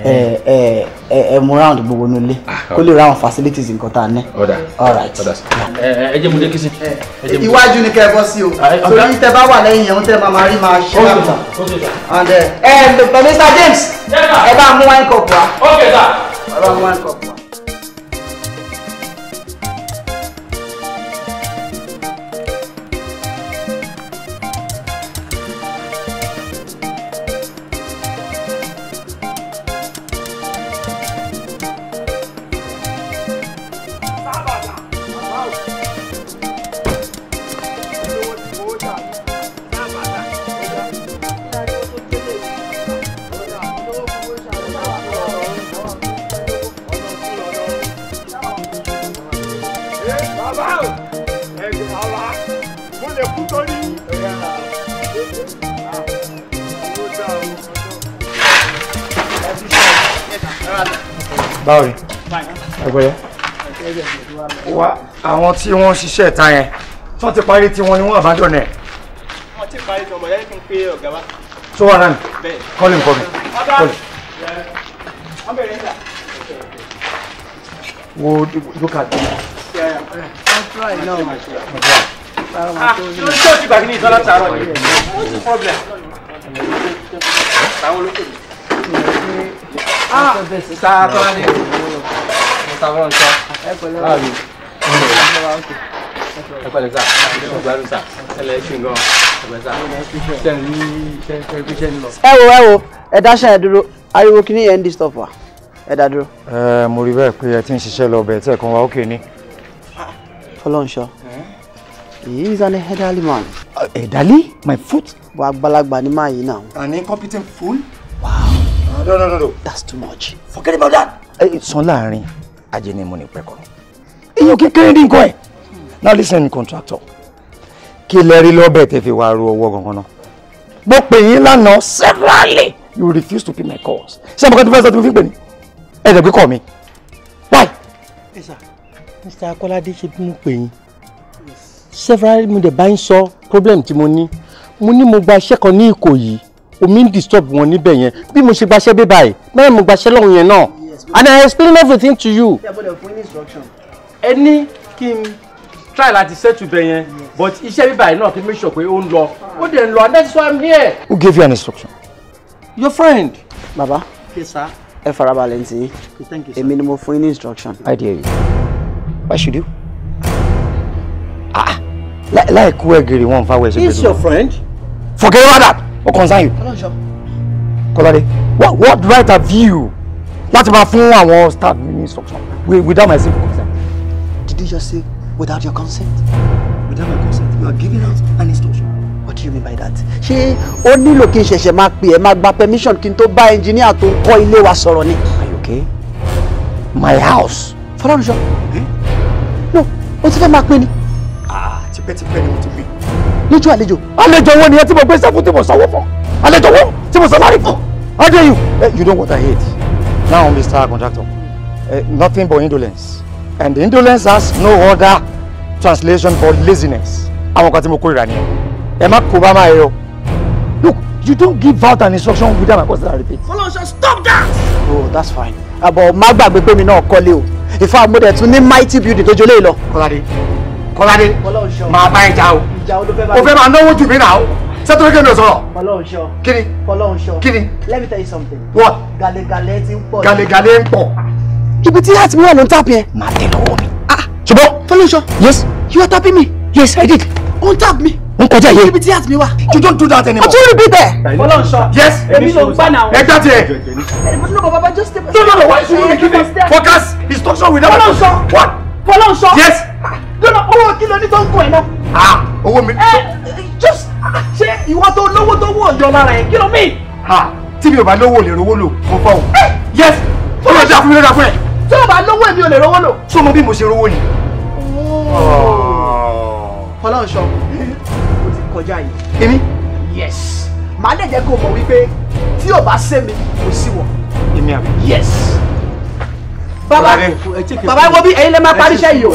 ẹ ẹ ẹ mú round gbogbo inú ilé ah, kó lè ráwọn facilities nǹkan tá a ní. ọ̀dà ọ̀dà ẹ jẹ́ mu dé kísì. iwájú ni kẹ́ ẹ bọ́ sí o torí tẹ bá wà lẹ́yìn yẹn tẹ máa máa rí máa ṣe lápútà and ẹ ẹ Mr James ẹ bá mú wine cup wá. ok sir. ẹ bá mú wine cup wá. tí wọ́n ṣiṣẹ́ ìta yẹn tí wọ́n ti parí tí wọ́n ni wọ́n àbádọ́nà ẹ̀. wọ́n ti parí tí ọmọ yẹn kí n pe ọ̀gá wa. tó wà náà kọ́lé nǹkan mi kọ́lé. wo dúkà dé. Ah, ah, ṣé o ti gbàgbé ní ìtọ́lá tààrọ̀ yìí? o ti problem. àwọn olóṣèlú. ah sáà tó wà mo ta nǹkan ẹ pẹ̀lẹ́ sà ọgbàdùn sà ẹlẹ ṣe nǹkan ọgbẹ sà ṣe ní ṣe ń lọ. ẹ wo ẹ wo ẹ dáṣẹ ẹ dúró ariwo kìíní yẹn ń disturb wa ẹ dá dúró. ẹ mo rí bẹ́ẹ̀ pé ẹ ti ń ṣiṣẹ́ lọ bẹ́ẹ̀ tẹ̀ kan wá òkè ni. fọlọ́nṣọ he is an elderly man. elderly my foot. wà àgbàlagbà ni máa yìí náà. an incompetent fool. wow. no no no no. that's too much. forget about that. ẹ sọ láàrin ajé ni mo ní pẹ́kọ̀ọ́ irú kékeré ní nǹkan ẹ̀ now listen contractor kí lẹ rí lọ́bẹ̀ tẹ́ fi wá ru ọwọ́ gangan náà mo pè yín lánàá severally you refuse to pay my calls ṣé àbúkọ́ tó fẹ́ sọ tí mo fi pè ní ẹ̀dẹ̀ gbé kọ́ mi why. ẹ sà Mr. Akolade ṣe bí mo pè yín severally mo dẹ̀ bá ń sọ problem tí mo ní mo ní mo gba iṣẹ́ kan ní Ìkòyí omi ń disturb wọn níbẹ̀ yẹn bí mo ṣe gbaṣẹ́ bébà yìí bẹ́ẹ̀ mo gbaṣẹ́ lọ́hùn yẹn náà and I explain everything to you. Yeah, ẹ ní kí n try láti settle bẹ yẹn but iṣẹ́ bíbá yìí náà kí n make sure pé ó ń lọ ó dẹ̀ ń lọ and that's why i'm here. who gave you an instruction. your friend. baba ẹ farabalẹ̀ ní sìn yín èmi ni mo fún yín ní instruction. i dare you why should you. ah láì kú ẹ̀gẹ̀rẹ̀ wọn fáwọn ẹ̀ṣẹ̀ gbẹdọ̀. he is your friend. forget about that what concern you. kọ́ládé what what right have you láti máa fún àwọn staff ní instruction without my simple consent. Did you say without your consent? Without my consent? You are giving out an instruction. What do you mean by that? Ṣé ó nílò kí n ṣẹ̀ṣẹ̀ máa pè ẹ́ máa gba permission kí n tó bá ẹnjìníà tó ń kọ́ ilé wa sọ̀rọ̀ ni? Are you okay? My house. Fọlọ́runṣọ́. Eh? No, o ti fẹ́ máa pè ni. Ah, tipẹ́tipẹ́ ni mo ti pè. Lójú àlejò. Àlejò wo nìyẹn tí mo gbé sẹ́kù tí mo sanwó fún? Àlejò wo tí mo sanwó fún? How dare you? Eh, you don't want to hate. Now, Mr. Contractor, uh, nothing but indolence and indolence has no other translation for laziness. àwọn kan tí mo kórìíra ni ẹ má kó bá máa yẹ look you don't give out an instruction without my personal repeat. folosho stop that. oh that's fine. àbọ̀ má gbàgbé pé mi náà kọ́lé o ìfọ àmúdẹ̀ tún ní mighty beauty. tó jọlé lọ. kọ́ládé kọ́ládé máa bá ẹ jà o o fẹ́ máa náwó jù mí náà o sẹ́tọ́ kí ni o sọ̀rọ̀. fọlọ́ọ̀ṣọ́ kí ni fọlọ́ọ̀ṣọ́ kí ni. let me tell you something. what. galegale ti ń pọ̀. galegale ń pọ̀ ibi tí heart mi wà ló ń tap yẹn. má tẹ lọ́wọ́ mi. ah ṣùgbọ́n. Fọlọ́ṣọ. yes. you are tapping me. yes i did. ó ń tap mi. ó ń kọjá yẹn. ibi tí heart mi wà. you don't do that anymore. o tún rí bí bẹ́ẹ̀. Fọlọ́ṣọ. yes. èmi ló ń gbà náà. ẹ já tiẹ̀. no no baba just step aside. no no no why should you give me focus instruction without. Fọlọ́ṣọ. what. yes. no no owó kí ló ní tó ń kọ ẹ̀ náà. ah owó mi. ẹ eh, just ṣe ìwọ tó lówó tó wọ ọjọ́ lára ẹ kí ló ha tí mi ò bá lówó lè rówó lò mo fọ o. Eh, yes. Fọlọ́ṣọ fún mi lọ́dà fún ẹ tí o bá lówó èmi ò lè rówó lò. sọ mo bí mo ṣe rówó ni. Oh. ọlọ́run ṣọ o ti kọjá yìí. èmi. yes màá lè jẹ́ kó o mọ̀ wípé tí o bá ṣe mi kò sí wọ. èmi àbí. yes. bàbá bàbá wo bí ẹ̀yin lè máa parí iṣẹ́ yìí o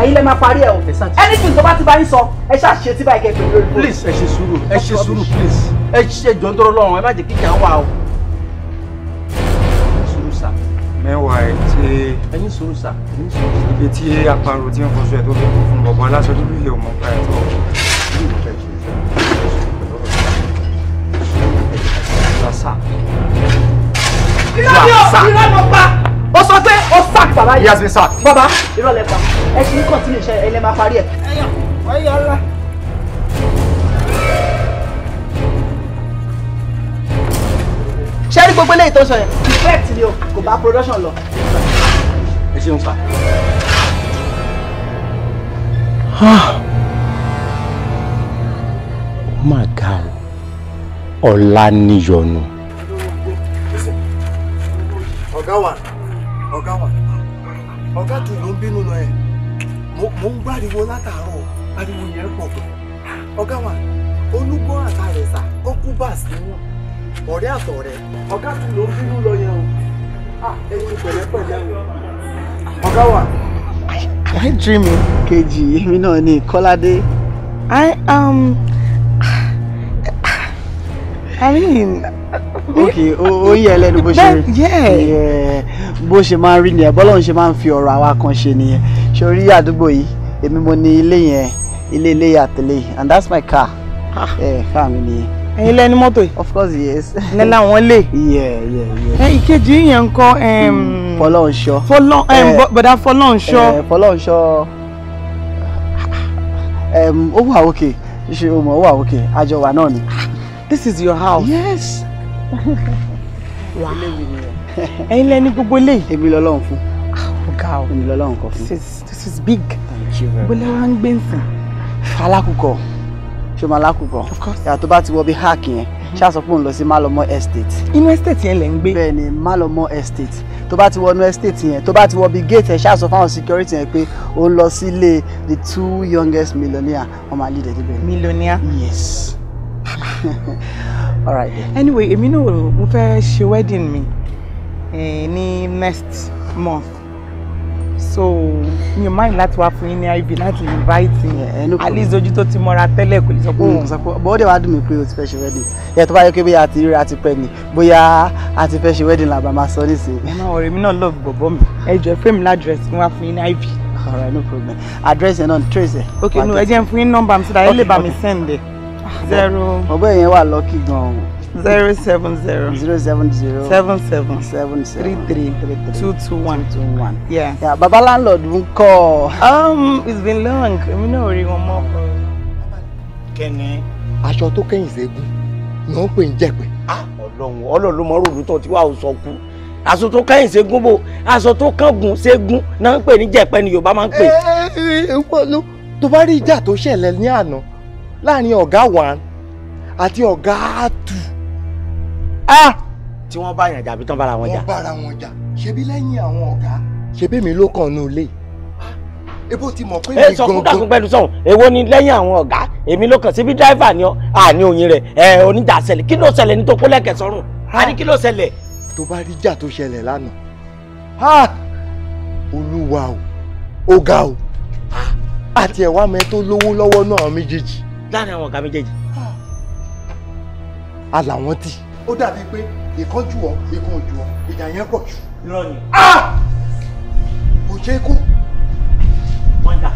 ẹ̀yin lè máa parí ẹ̀ o anything tó bá ti bá yín sọ ẹ ṣáà ṣe tí báyìí kẹ́kẹ́ please ẹ ṣe sùúrù ẹ ṣe sùúrù please ẹ ṣe jọ̀ọ́ ń tọrọ lọ́rùn ẹ má jẹ́ kíkà wà o mẹ́wàá ẹ̀ tí. ẹyin sùúrù sà ibi tí apàrò ti ń fọṣọ ẹ̀ tó fi kú fún bọ̀bọ̀ aláṣọ dúdú yìí ò mọ̀ pa ẹ̀ tó. ó sọ pé ó sack bàbá yìí. he has been sacked. bàbá ìrọ̀lẹ́ pa ẹ ti ní kọ́ńtínú iṣẹ́ ẹ lẹ́ máa parí ẹ̀. ṣé rí gbogbo eléyìí tó ń sọ yẹn effect ni o kò bá production lọ. ẹ ṣeun sá. ó ah. oh mà ga o ọ̀la níyọnu. ọ̀gá wa ọ̀gá wa ọ̀gá tù ló ń bínú lọ ẹ̀ mo ń gbáriwo látàárọ̀ ariwo yẹn pọ̀ gan ọ̀gá wa olúgbọ́n àtàrẹ̀sà kọ́kú bá sí wọn ọ̀rẹ́ àtọ̀rẹ́ ọ̀gá tí ló ń bínú lọ yẹn o ẹni pẹ̀lẹ́pẹ̀lẹ́ o ọ̀gá wa. I dream kejì èmi náà ni Kọ́ládé I am um, I mean. okay ó yẹ ẹlẹ́nu bó ṣe eh, bó ṣe máa ń rí nìyẹn bọ́lọ́run ṣe máa ń fi ọ̀rọ̀ àwa kan ṣe nìyẹn ṣe orí àdúgbò yìí èmi mo ní ilé yẹn ilé ilé yàtẹ̀lé and that's my car ẹ̀ káà nìyẹn ẹ̀yin lẹni mọ́tò yìí. of course yes. <laughs> ní làwọn lè. yeah yeah yeah. ẹ ìkejì yẹn ń kọ. Hmm, fọlọ́nṣọ. fọlọ́ eh, bọ̀dá fọlọ́nṣọ. Eh, fọlọ́nṣọ ó wà òkè ṣe o mọ̀ ó wà òkè àjọ wa náà ni. this is your house. yes. wow <laughs> ẹ̀yin lẹni gbogbo lè. èmi lọ́lọ́run fún. Ah, ọ̀gá o èmi lọ́lọ́run kọ fún. this is big. thank you very much. bọ́lá wa ń gbé nsìn. falakukọ ṣé o máa lákùkọ yàrá tó bá ti wọ bí hack yẹn mm-hmm. ṣáà sọ pé òun lọ sí Málọmọ estate. inú estate yẹn lẹ ń gbé. bẹ́ẹ̀ ni Málọmọ estate tó bá ti wọnú estate yẹn tó bá ti wọ bí gate ẹ ṣáà sọ fáwọn security yẹn pé ó lọ sílé the two youngest millionaire wọn máa lead ẹ millionaire. yes. <laughs> all right then. anyway èmi náà mo fẹ́ ṣe wedding mi eh, ní next month so mi ò mind láti wá fún yín ní iv láti invite yín alice ojú tó ti mọ́ra tẹ́lẹ̀ kò lè sọ pé mm, òun sọ pé bó dé wàá dùn mí pé o ti fẹ́ ṣe wedding yẹ tó bá yẹ pé bóyá a ti ríra ti pẹ́ ni bóyá a ti fẹ́ ṣe wedding làbá máa sọ nísìnyí. ẹ má wọrẹ mi náà love bọ̀bọ̀ mi ẹ jọ ẹ fẹ́ mi ládírẹ́sì kí wọ́n fún yín ní iv. all no problem address yẹn náà trace ẹ. ok no ẹ jẹ́ n fún yín nọ́mbà mi sí dáa ẹ lè bá mi send ẹ. Ah, zero. ọgbẹ́ yẹn wà lọ́kì gan-an zero seven zero zero seven zero seven seven seven three three three three two two one two one. yeah yeah baba landlord ń call. um it's been long èmi náà rí wọn mọ́. kẹ́ni. aṣọ tó kẹ́yìn ségun ni wọ́n pè ń jẹ̀pẹ̀. Ah, ọlọ́run ọlọ́run ló mọ ròdù tó ti wá o sọ kú aṣọ tó kẹ́yìn ségun bò aṣọ tó kángun ségun náà ń pè ní jẹ̀pẹ̀ ni yorùbá máa ń pè. ẹ ẹ ẹ tó bá rí ìjà tó ṣẹlẹ̀ ní àná láàrin ọ̀gá Ah! tí wọ́n bá yàn jà àbí tán bára wọn jà. wọ́n bára wọn jà ṣebí lẹ́yìn àwọn ọ̀gá ṣebí mi ló kàn nù lé ebo ti mọ̀ pé mi gangan. ẹ sọ fún dàkún pẹ̀lú sọ̀hún èwo ni lẹ́yìn àwọn ọ̀gá èmi ló kàn síbi dráìvà ni ọ àní oyin rẹ ẹ oníjà ṣẹlẹ̀ kí ló ṣẹlẹ̀ ní tó kó lẹ́kẹ̀ẹ́ sọ́rùn àní kí ló ṣẹlẹ̀. tó bá rí jà tó ṣẹlẹ̀ lánàá olúwa o ó ga o àti ẹ̀wá mẹ́ tó lówó lọ́wọ́ náà méjèèjì. láàrin àwọn ọ̀gá méjèèjì. a làwọn tì ó dàbí pé ìkan jù ọ ìkan jù ọ ìjà yẹn pọ̀ jù. irọ́ ni. Ah! kò ṣe é kú. wọ́n jà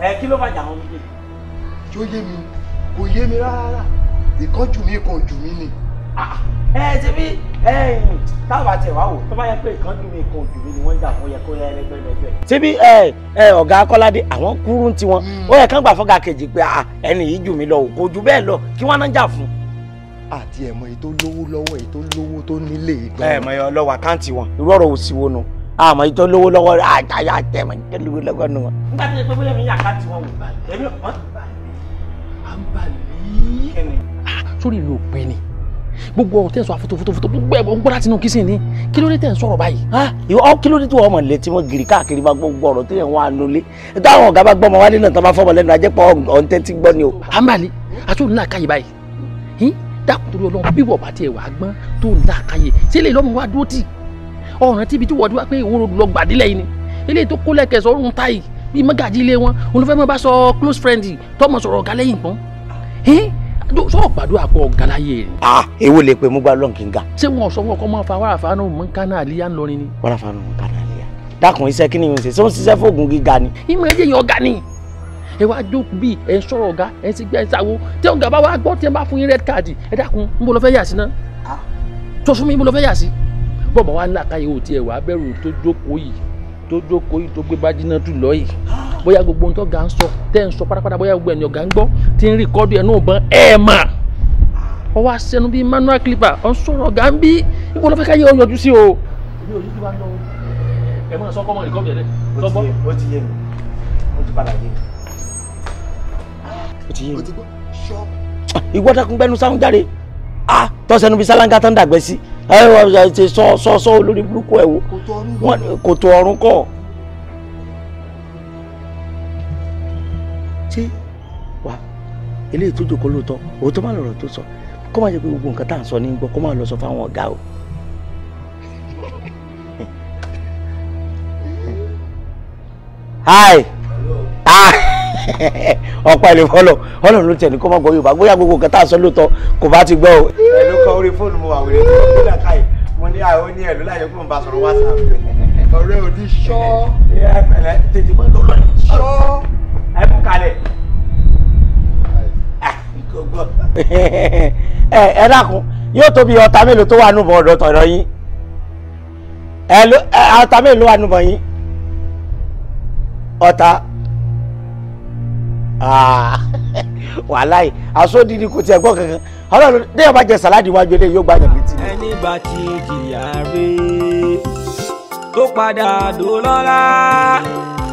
ẹ kí ló bá jà wọn méjèèjì. tí ó yé mi kò yé mi rárá ìkan jù mí ìkan jù mí ni. Ah! ẹ ṣe bí táwa tẹ̀ wá wò tó bá yẹ pé ìkan jù mí ìkan jù mí ni wọ́n jà wọ́n yẹ kó yẹ ẹlẹgbẹ́ lẹ́gbẹ́. síbi ọ̀gá Kọ́ládé àwọn kúrú tiwọn hmm. ó yẹ kán gbà fọ́gà kejì pé ah, ẹni yìí jù mí lọ kò jù bẹ́ẹ̀ lọ kí wọ́n náà jà fún un àti ẹ̀mọ́ èyí tó lówó lọ́wọ́ èyí tó lówó tó nílé ìgbọ́n. ẹ̀mọ́ yọ lọ́wọ́ àkáǹtì wọn irú ọ̀rọ̀ òsì wo nu àmọ́ èyí tó lówó lọ́wọ́ àtàyà àtẹ̀mọ́ èyí tó lówó lọ́wọ́ nu wọn. nígbà tó yẹ pé bóyá mi yà àkáǹtì wọn wò bá èmi ọ̀ ah, sórí ìlú òpin ni gbogbo ọ̀rọ̀ tẹ̀ ń sọ àfotofotofoto gbogbo ẹ̀bọ̀ ń gbọ́dá tinú kìsìn ni kí ló dé tẹ̀ ń sọ̀rọ̀ báyìí. Ah, ọ kí ló dé tí wọn ọmọ ilé tí wọn giri káàkiri máa gbogbo ọ̀rọ̀ tẹ̀ ń wá nulẹ̀ táwọn ọ̀gá bá gbọ́ ọmọ wálé náà tó bá fọmọ lẹ́nu ajẹ́pọ̀ ọ̀ǹtẹ́tí gbọ́ ni o. àmàlí àtúntò náà káyì báyìí dákùtòrò ọlọ́run bí wọ́n bá tiẹ̀ wà á gbọ́n tó ń làkàyè ṣé lè lọ́mọ wá dúró tì ọ̀ràn tíbi tí wọ́n ti wá pé ìwòrò lọ gbàdílẹ̀ yìí ni eléyìí tó kó lẹ́kẹ̀ẹ́sọ ọ̀run táyì bíi mọ́gàjì ilé wọn òun ló fẹ́ mọ́ bá sọ close friend tọ́mọ sọ̀rọ̀ ọ̀gá lẹ́yìn pọ́n sọ gbàdúrà pọ galaye rẹ. a èwo lè pe mo gba lọ́n kí n ga. ṣé wọn sọ wọn kọ máa fa wàràfà náà mọ kánà àlíyá ńlọrin ni. wàràfà náà mọ kánà àlíyá dákun iṣẹ́ kí ni mo ń ṣe ṣé ó ń ṣiṣẹ́ fóògùn gíga ni. ìmọ̀ ẹ̀jẹ̀ yẹn ni ẹ wá jókòó bíi ẹ ń sọ̀rọ̀ ọ̀gá ẹ ti gbẹ́ ìsàwọ̀ tí ọ̀gá bá wá gbọ́ tí ẹ bá fún yín red card ẹ dákun ń bọ́ lọ fẹ́ yà sí ná tó ah. fún mi ń bọ́ lọ fẹ́ yà sí. bọ́ọ̀bù wa ńlá káyé òtí ẹ̀ wá bẹ̀rù tó jókòó yìí tó jókòó yìí tó gbé bá jiná tù lọ́ yìí ah. bóyá gbogbo ohun tó ga ń sọ tẹ́ ń sọ pátápátá bóyá gbogbo ẹ̀yàn ga ń gbọ́ tí ń rìkọ́dù ẹ̀ náà bọ́n ẹ̀ mà ọ ah. wá sẹnu bíi manual clipper ọ̀ ń sọ̀rọ̀ ga ń bí ibo ló fẹ́ káyé ọ yọjú sí o. èmi ò ní kí wàá lọ ẹ máa sọ kọ́mọ rìkọ́dù ẹ̀ dẹ́ sọ gbọ́. ó ti yé mi ó ti padà yé mi o ti gbẹnu sáwọn jáde a ah, tọ́sẹ̀nu bíi sálángá tó ń dàgbẹ́ sí ṣe sọ sọ sọ olórí burúkú ẹ̀ wò kò tó ọrùn kọ́. ṣé wà eléyìí tó jòkó lóòótọ́ òótọ́ máa lọ̀rọ̀ tó sọ kó má jẹ́ pé gbogbo nǹkan tá à ń sọ ní gbọ́ kó má lọ sọ fáwọn ọ̀gá o. <laughs> hi. Hello. Ah. <laughs> ọ̀pá ìlú fọlọ Ọlọ́run ló tiẹ̀ ní kó má gbọ́ Yorùbá bóyá gbogbo nǹkan tá a sọ lóòótọ́ kò bá ti gbọ́ o. ẹ ló kọ orí fóònù mo wà wẹrẹ tó lè ká yìí mo ní àwọn oní ẹlú láyé kó n bá sọ̀rọ̀ wásaapù ọ̀rẹ́ òdi ṣọ ẹ tètè mọ lọ ṣọ ẹ mú kalẹ̀ ah, <laughs> ẹ ẹ dákun yóò tóbi ọ̀tá mélòó tó wà nù bọ̀ ọ̀dọ̀ tọ̀dọ̀ yín ẹ ọ̀tá mélòó wà nù yín ọ̀tá wàhálà yìí àsódìdì kò tiẹ̀ gbọ́ kankan ọlọ́run déyàn bá jẹ sàláàdì iwájú ilé yóò gbàyàn létí. ẹni bá ti jìyà rè tó padà dòlọ́lá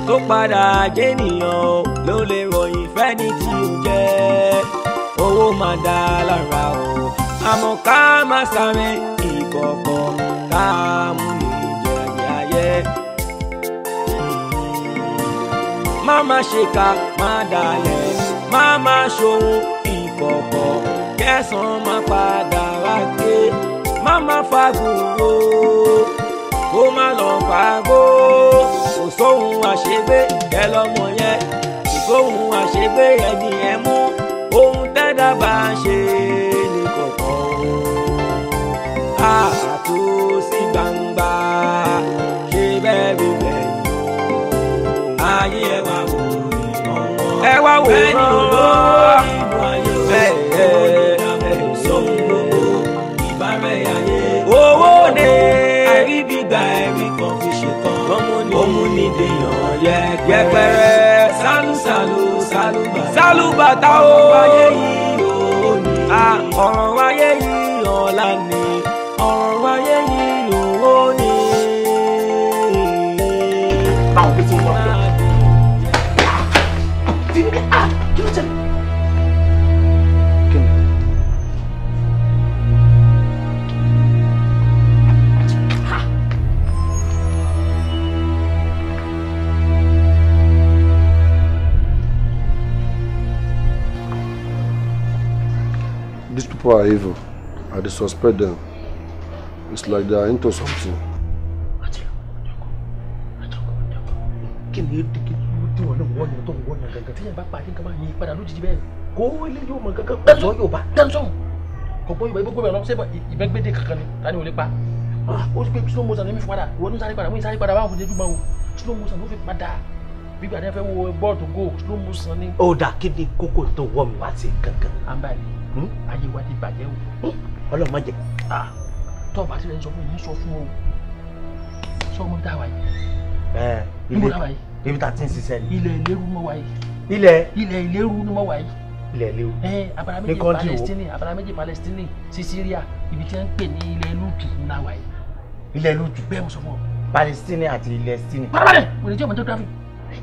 tó padà jẹ́nìyàn ló lè ròyìn fẹ́ni tí ó jẹ́ owó máa dá lára o àmọ́ ká má sáré ìkọ̀kọ̀ ká mú mi. má má ṣèkà má dalẹ̀ má má ṣohun ìkọ̀kọ̀ kẹsàn-án má padà wá gbé má má fagùn o kó má lọ fagbó kò sóhun àṣegbé ẹ lọmọ yẹn kò sóhun àṣegbé ẹni ẹ mú. owó ni àríbí gba ẹ̀rí kan fi ṣe kan òun ni dèèyàn yẹ gbẹgbẹrẹ sálúsálú sálúbàtà ó ọ̀rọ̀ wáyé ah, yìí ọ̀la ni. people are evil. I dey suspect them. It's like they are into something. kí ni ètò kí ni wọn náà wọ́n yàn tó ń wọ́n yàn gàngàn tí yẹn bá parí nǹkan máa yí padà lójijì bẹ́ẹ̀ kó ilé yóò mọ gàngàn pẹ̀sọ́ yóò bá tẹ́ńsọ̀n kò gbọ́ yorùbá ibùgbé ọ̀nà ṣé ìbẹ́gbẹ́dẹ kankan ni tani ò lè pa ó sì pé slow motion ní mi fi padà ìwọ ní sáré padà wọ́n sáré padà báwọn kò déjú máa slow motion ló fi padà bíbí àdéhùn fẹ́ wo bọ́ọ̀lù go slow motion ni. ó dà kí ni kókó tó wọ́ mi wá sí gàngàn. à ń báyìí Hmm? ayé wa ti bàjẹ́ o hmm? ọlọ́run má jẹ́ tó o bá ti rẹ̀ ń sọ fún yìí sọ fún o sọ ọmọ bíi táwa yìí. níbo táwa yìí. ibi tá a ti ń ṣiṣẹ́ ni. ilẹ̀ ìlérú mọ́ wa yìí. ilẹ̀. ilẹ̀ ìlérú mọ́ wa yìí. ilẹ̀ ìlérú. abala méjì palestini abala méjì palestini sisiria ibi tí wọ́n ń pè ní ilẹ̀ lùtù náà wa yìí. ilẹ̀ lùtù. bẹ́ẹ̀ mo sọ fún ọ. palestini àti ilẹ̀ stini. parabalẹ̀ wòlé jẹ́ ọmọ geography.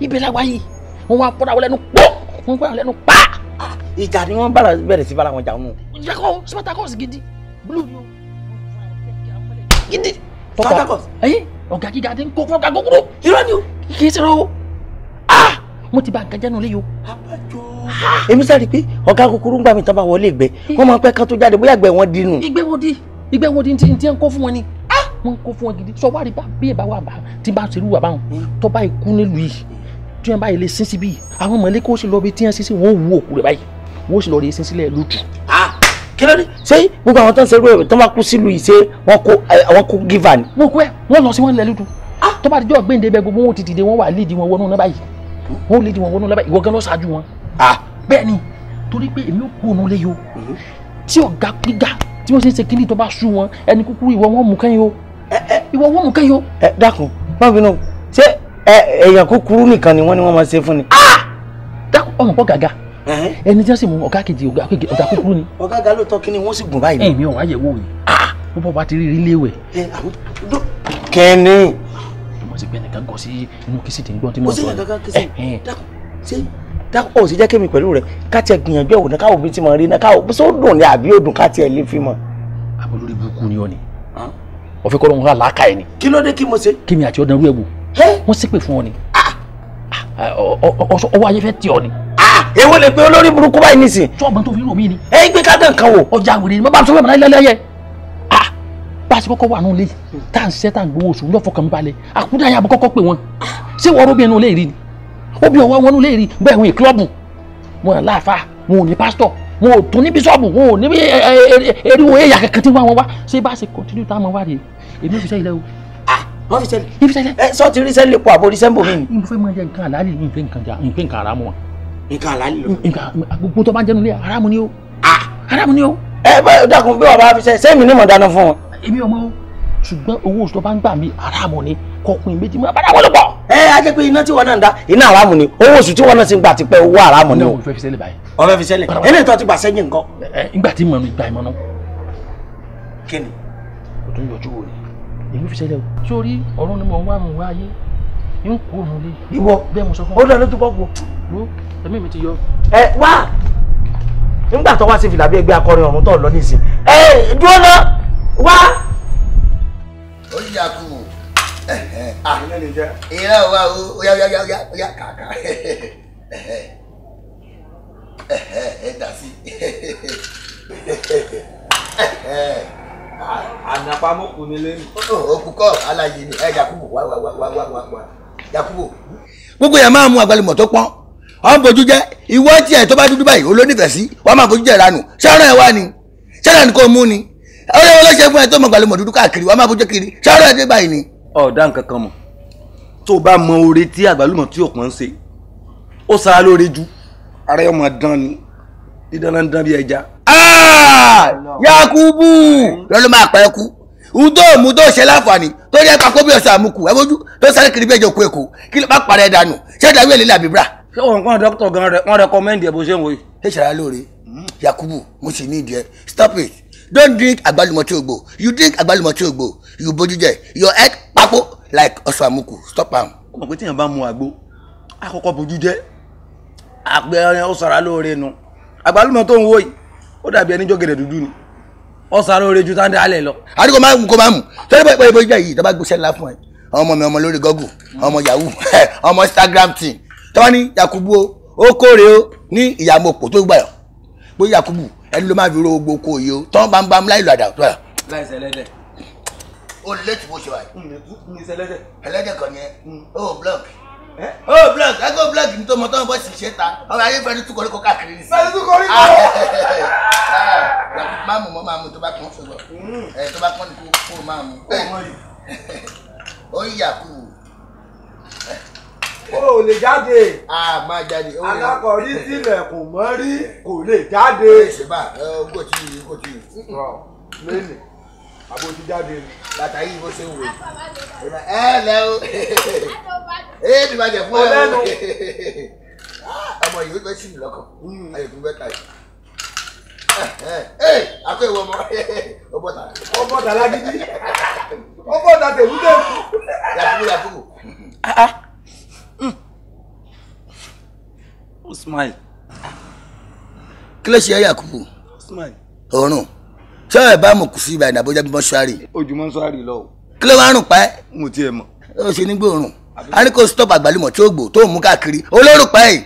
ibẹ̀ la wa yìí wá pọ́nra wọlé nu pọ́ wọ́n pọ́nra wọlé nu pàá ìjà ni wọ́n bẹ̀rẹ̀ sí bára wọn jà nù. ìjà kọ́ spartacus gidi blue ni o. gidi spartacus. ẹyin ọ̀gá gíga ti ń kó fún ọ̀gá gogoro. irọ́ ni o. kì í sọ̀rọ̀ o. wọ́n ah! ti bà nǹkan jẹ́ nù léyìí o. abájọ èmi sáré pé ọ̀gá kúkúrú ń gbà mí tán bá wọlé ìgbẹ́ wọ́n máa pẹ́ kán tó jáde bóyá ìgbẹ́ wọn di nù. ìgbẹ́ wo di ìgbẹ́ wo di ti ń kó fún wọn ni ah! wọ́n ń kó fún wọn gidi sọ wá rí bá bí ìbá wà bá ti bá ṣerú wà báwọn hmm. tó bá ikú nílùú yìí tí wọ́n báyìí lè sin síbí yìí àwọn mọ̀lẹ́ kó sì lọ bí tí wọ́n sin sí wọ́n wú òkú rẹ̀ báyìí wọ́n sì lọ rí sin sílẹ̀ lójú. kí ló dé ṣé gbogbo àwọn tó ń ṣerú ẹ̀ tó máa kú sílùú yìí ṣé wọ́n kó àwọn kó gíva ni. wọ́n kú ẹ wọ́n lọ sí wọn lẹ lójú tó bá dijọ́ gbẹ̀ǹde bẹ gbogbo wọn ò ti dìde wọn wà léèdì wọn wọnú náà báyìí wọn ò léèdì wọn wọnú náà báyìí ìwọ gan lọ ṣáájú wọn. bẹ́ẹ̀ ni torí pé èmi ò kú òun lé yo mm-hmm. tí ọ̀gá pígá èèyàn kúkúrú nìkan ni wọ́n ní wọ́n máa ṣe fún ni. Ah! ọmọ pọ gàgà ẹni tí wọ́n sì mú ọ̀gá kejì ọ̀gá kúkúrú ni. ọ̀gá ga lóòótọ́ kí ni wọ́n sì gùn báyìí. ẹ̀mí ọ̀wá yẹ̀ wò ni wọ́n bọ̀ bá ti rí rí léwẹ̀. kẹ́ni. wọ́n sì gbẹ́ni kan gọ sí inú kìsì tí ń gbọ́n tí mo sọ ọ́ dákọ̀ sí jẹ́ kémi pẹ̀lú rẹ̀ ká tiẹ̀ gbìyànjú ẹ̀wò náà káwọ́ bí ti mọ̀ rí náà káwọ́ só dùn ní àbí òdùn ká tiẹ̀ lè fi mọ̀. àbúrò rí burúkú ni ọ ni ọ̀fẹ́ kọ́ ló ń làákà ẹ̀ ni. kí ló dé kí mo ṣe. kémi àti ọ̀dàn rú ẹ̀ wò wọ́n ṣépè fún ọ ni ọwọ́ ayé fẹ́ tì ọ ni. èwo lè pe olórí burúkú báyìí nísìn. tí ọgbọ́n tó fi rò mí ni. ẹ gbé ká dán kan wò. ọjà wèrè ni bàbá sọ́kọ̀ náà lẹ́lẹ́yẹ. bá a ṣe kọ́kọ́ wà nù lé tá à ń ṣe tá à ń gbowó oṣù ńlọ fọkàn balẹ̀ àkúdà yà bọ́ kọ́kọ́ pé wọn. ṣé wọ́n róbìn inú lè rí ni obìnrin ọwọ́ wọn lè rí bẹ́ẹ̀ wọn ìkílọ́ọ̀bù wọn à láàfà wọn ò ní pásítọ̀ wọn ò tún ní bíṣọ́ọ̀bù wọn ò ní eriwo ẹ̀yà kankan tí wọ́n wá ṣé bá a ṣe kọ́ntínú táwọn wá rèé èmi ò fi ṣe ilẹ̀ o wọ́n fi sẹ́lẹ̀. ibi sẹ́lẹ̀. ẹ sọ ti rí sẹ́lẹ̀ kó àbórí sẹ́ńbò mi ni. n fẹ́ máa jẹ nǹkan àlàálì mi fẹ́ nǹkan jà n fẹ́ nǹkan àràmù wa. nǹkan àlàálì lọ. nǹkan gbogbo tó bá o. ah àràmù ni o. ẹ bá dákun bí wàá bá fi sẹ sẹ́mi ni o ṣùgbọ́n owó oṣù tó bá ń gbà mí àràmù ni kọkùn méjì máa bá dàgbọ́ lọ́pọ̀. ẹ á jẹ́ pé iná tí wọ́n náà ń da iná àràmù ni owó oṣù tí o. ọ̀fẹ́ fi sẹ́lẹ̀ báyìí. ọ̀fẹ́ fi sẹ́lẹ̀ eléyìí tó ti gbà sẹ́yìn nǹkan. ẹ ẹ ìgbà tí mo gbà ìmọ̀ náà. kí ni. o tún yọjú èmi fi ṣẹlẹ̀ o sórí ọ̀run ni mò ń wá mò ń wá ayé ń kú òun lé. ìwọ bẹ́ẹ̀ mo sọ fún ọ. ó dọ̀ lójú bọ́ọ̀kù. wo ẹ̀mí mi ti yọ. ẹ wá nígbà tó wá sí fìlà bí ẹgbẹ́ akọrin ọ̀run tó lọ nísìn ẹ dúró lọ wá. ó yà kú ìyá wa o oya oya oya oya kàkà ẹ dà sí ànàpamọ́ kù nílé mi. òkú kọ́ aláyé ni ẹ Yakubu wá wá wá wá wá wá Yakubu. gbogbo yẹn máa mú àgbálùmọ̀ tó pọ́n ọ̀ ń bojú jẹ́ ìwọ tiẹ̀ tó bá dúdú báyìí olónífẹ̀ẹ́ sí wọ́n máa bojú jẹ́ ìranù sọ́run ẹ̀ wá ni sọ́run ni kò mú ni ọ̀rẹ́ wọn lọ́sẹ̀ fún ẹ tó mọ̀ àgbálùmọ̀ dúdú káàkiri wọ́n máa bojú kiri sọ́run ẹ̀ dé báyìí ni. ọ̀dà nǹkan kan mọ̀ tó bá mọ oore tí àgbálùmọ̀ tí òpọ̀ ń ṣe ó sara lóore ju ara yóò máa dán ni dídán náà ń dán bí ẹja. Ah! Yakubu lọ́lọ́ máa pa ẹkú Udo, òmù tó ṣe láǹfààní tó yẹ kakó bí ọ̀sẹ̀ àmukù ẹ̀mọ́jú tó sáré kiri bí ẹ̀jẹ̀ òkú èkó kí ló bá parẹ́ dànù ṣé ìdáwé ìlélẹ̀ àbíbrà. ṣé wọn kàn dókítà gan rẹ wọn rẹkọmẹ́ndì ẹ bó ṣe ń wòye. ẹ ṣàrà lóore Yakubu mo sì ní ìdí ẹ stop it don't drink agbalumọ tí o gbó you drink agbalumọ tí o gbó you bójú jẹ your head papò like ọ̀sẹ̀ àmukù stop am. ó mọ̀ pé tíyàn bá mu àgbo àkọ́kọ́ bójú jẹ́ àgbẹ̀ ọ̀sàrà lóore nu àgbálùmọ̀ tó ń wò yìí ó dàbí ẹni jọ́gẹ̀dẹ̀ dúdú ni ọ̀sán lóore ju táńdà alẹ̀ lọ. àdìgbò máa mú kó máa mú tọ́lá bá ìpàdé bójú yìí tọ́ba gbèsè ńlá fún ẹ ọmọ mi ọmọ lórí Google ọmọ Yahoo <laughs> ọmọ Instagram team tọ́wọ́n ní Yakubu ó kórè ó ní ìyàmú òpó tó gbà yọ pé Yakubu ẹni ló máa fi ro gbogbo kó yìí ó tọ́wọ́n bá ń bá ń láì lọ àdà tó yà. láìsẹ̀ lẹ́dẹ̀. o lè tì bó ṣe wáyé. ẹlẹ́dẹ̀ kan yẹn mm. o block ó eh? oh, blog ago blog ní tọmọ tọmọ bọ́ọ̀sì ṣe ta ọmọ ayé fẹ́ẹ́ tún koríko káàkiri nìyí. fẹ́ẹ́ tún koríko. máa mú mọ́ máa mú tó bá kún fún ọ hmm. eh, tó bá kún ní kó kó máa mú. ó yà kú. o ò lè jáde. a ah, máa jáde. alákọ̀ọ́rí sílẹ̀ kò mọ́ rí kò lè jáde. ó lè ṣe bá ogójì ogójì. lónìí àbò ti jáde bàtà yìí bó ṣe wò ẹ lẹ o ee ti bàjẹ́ fún ẹ o ọmọ yìí ó bẹ́ sí mi lọ́kàn ayò fún bẹ́ẹ̀ káyọ̀ ee akọ ìwọ ọmọ ọbọta ọbọta lágídí ọbọta tèmúdé yàtúwò yàtúwò. Ah, ah. hmm. Usman kí ló ṣe é Yakubu Usman ọrùn ṣé ẹ bá mọ̀kù sí ìbàdàn àbójá bí mọ́ṣúárì. ojúmọ́ ṣúárì lọ. kí ló wá rùn pa ẹ́. mo ti ẹ̀ mọ̀. ó ṣe ní gbòòrùn àríkò stop àgbálùmọ̀ tí ó gbò tó mú káàkiri olórùn pa ẹ̀.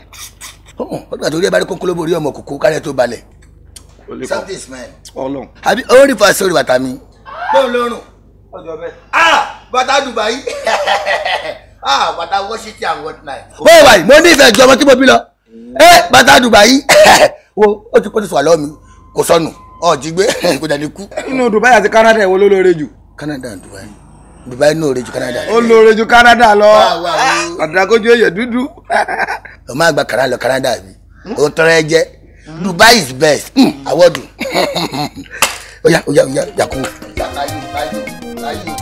ó dìgbà tó rí ẹ bá rí kókó lóbo orí ọmọ kòkó kárẹ́ tó balẹ̀. àbí ó rí fa sórí bàtà mi. bóun lórùn. ọjọ́ bẹ́ẹ̀. ah bàtà Dubai <laughs> ah bàtà Washington and what night. ó wà yìí mo ní ìfẹ́ ju ọmọ tí mo bí lọ. ẹ mm. eh, bàtà Dubai <laughs> wo ó ti kó ti sọ àlọ́ mi kò sọnù ọ̀jí gbé <laughs> kò jáde kú. nínú Dubai àti Canada ìwọ ló lóore jù. Canada and Dubai Dubai náà lóore Canada. ó lóore jù Canada lọ àdàkójú èyẹ dúdú. o máa gba kàrá lọ Canada mi o tọrọ ẹ jẹ Dubai is best hmm, awọ́dù. <laughs> ó yá ó yá ó yá yàkú. yàrá yóò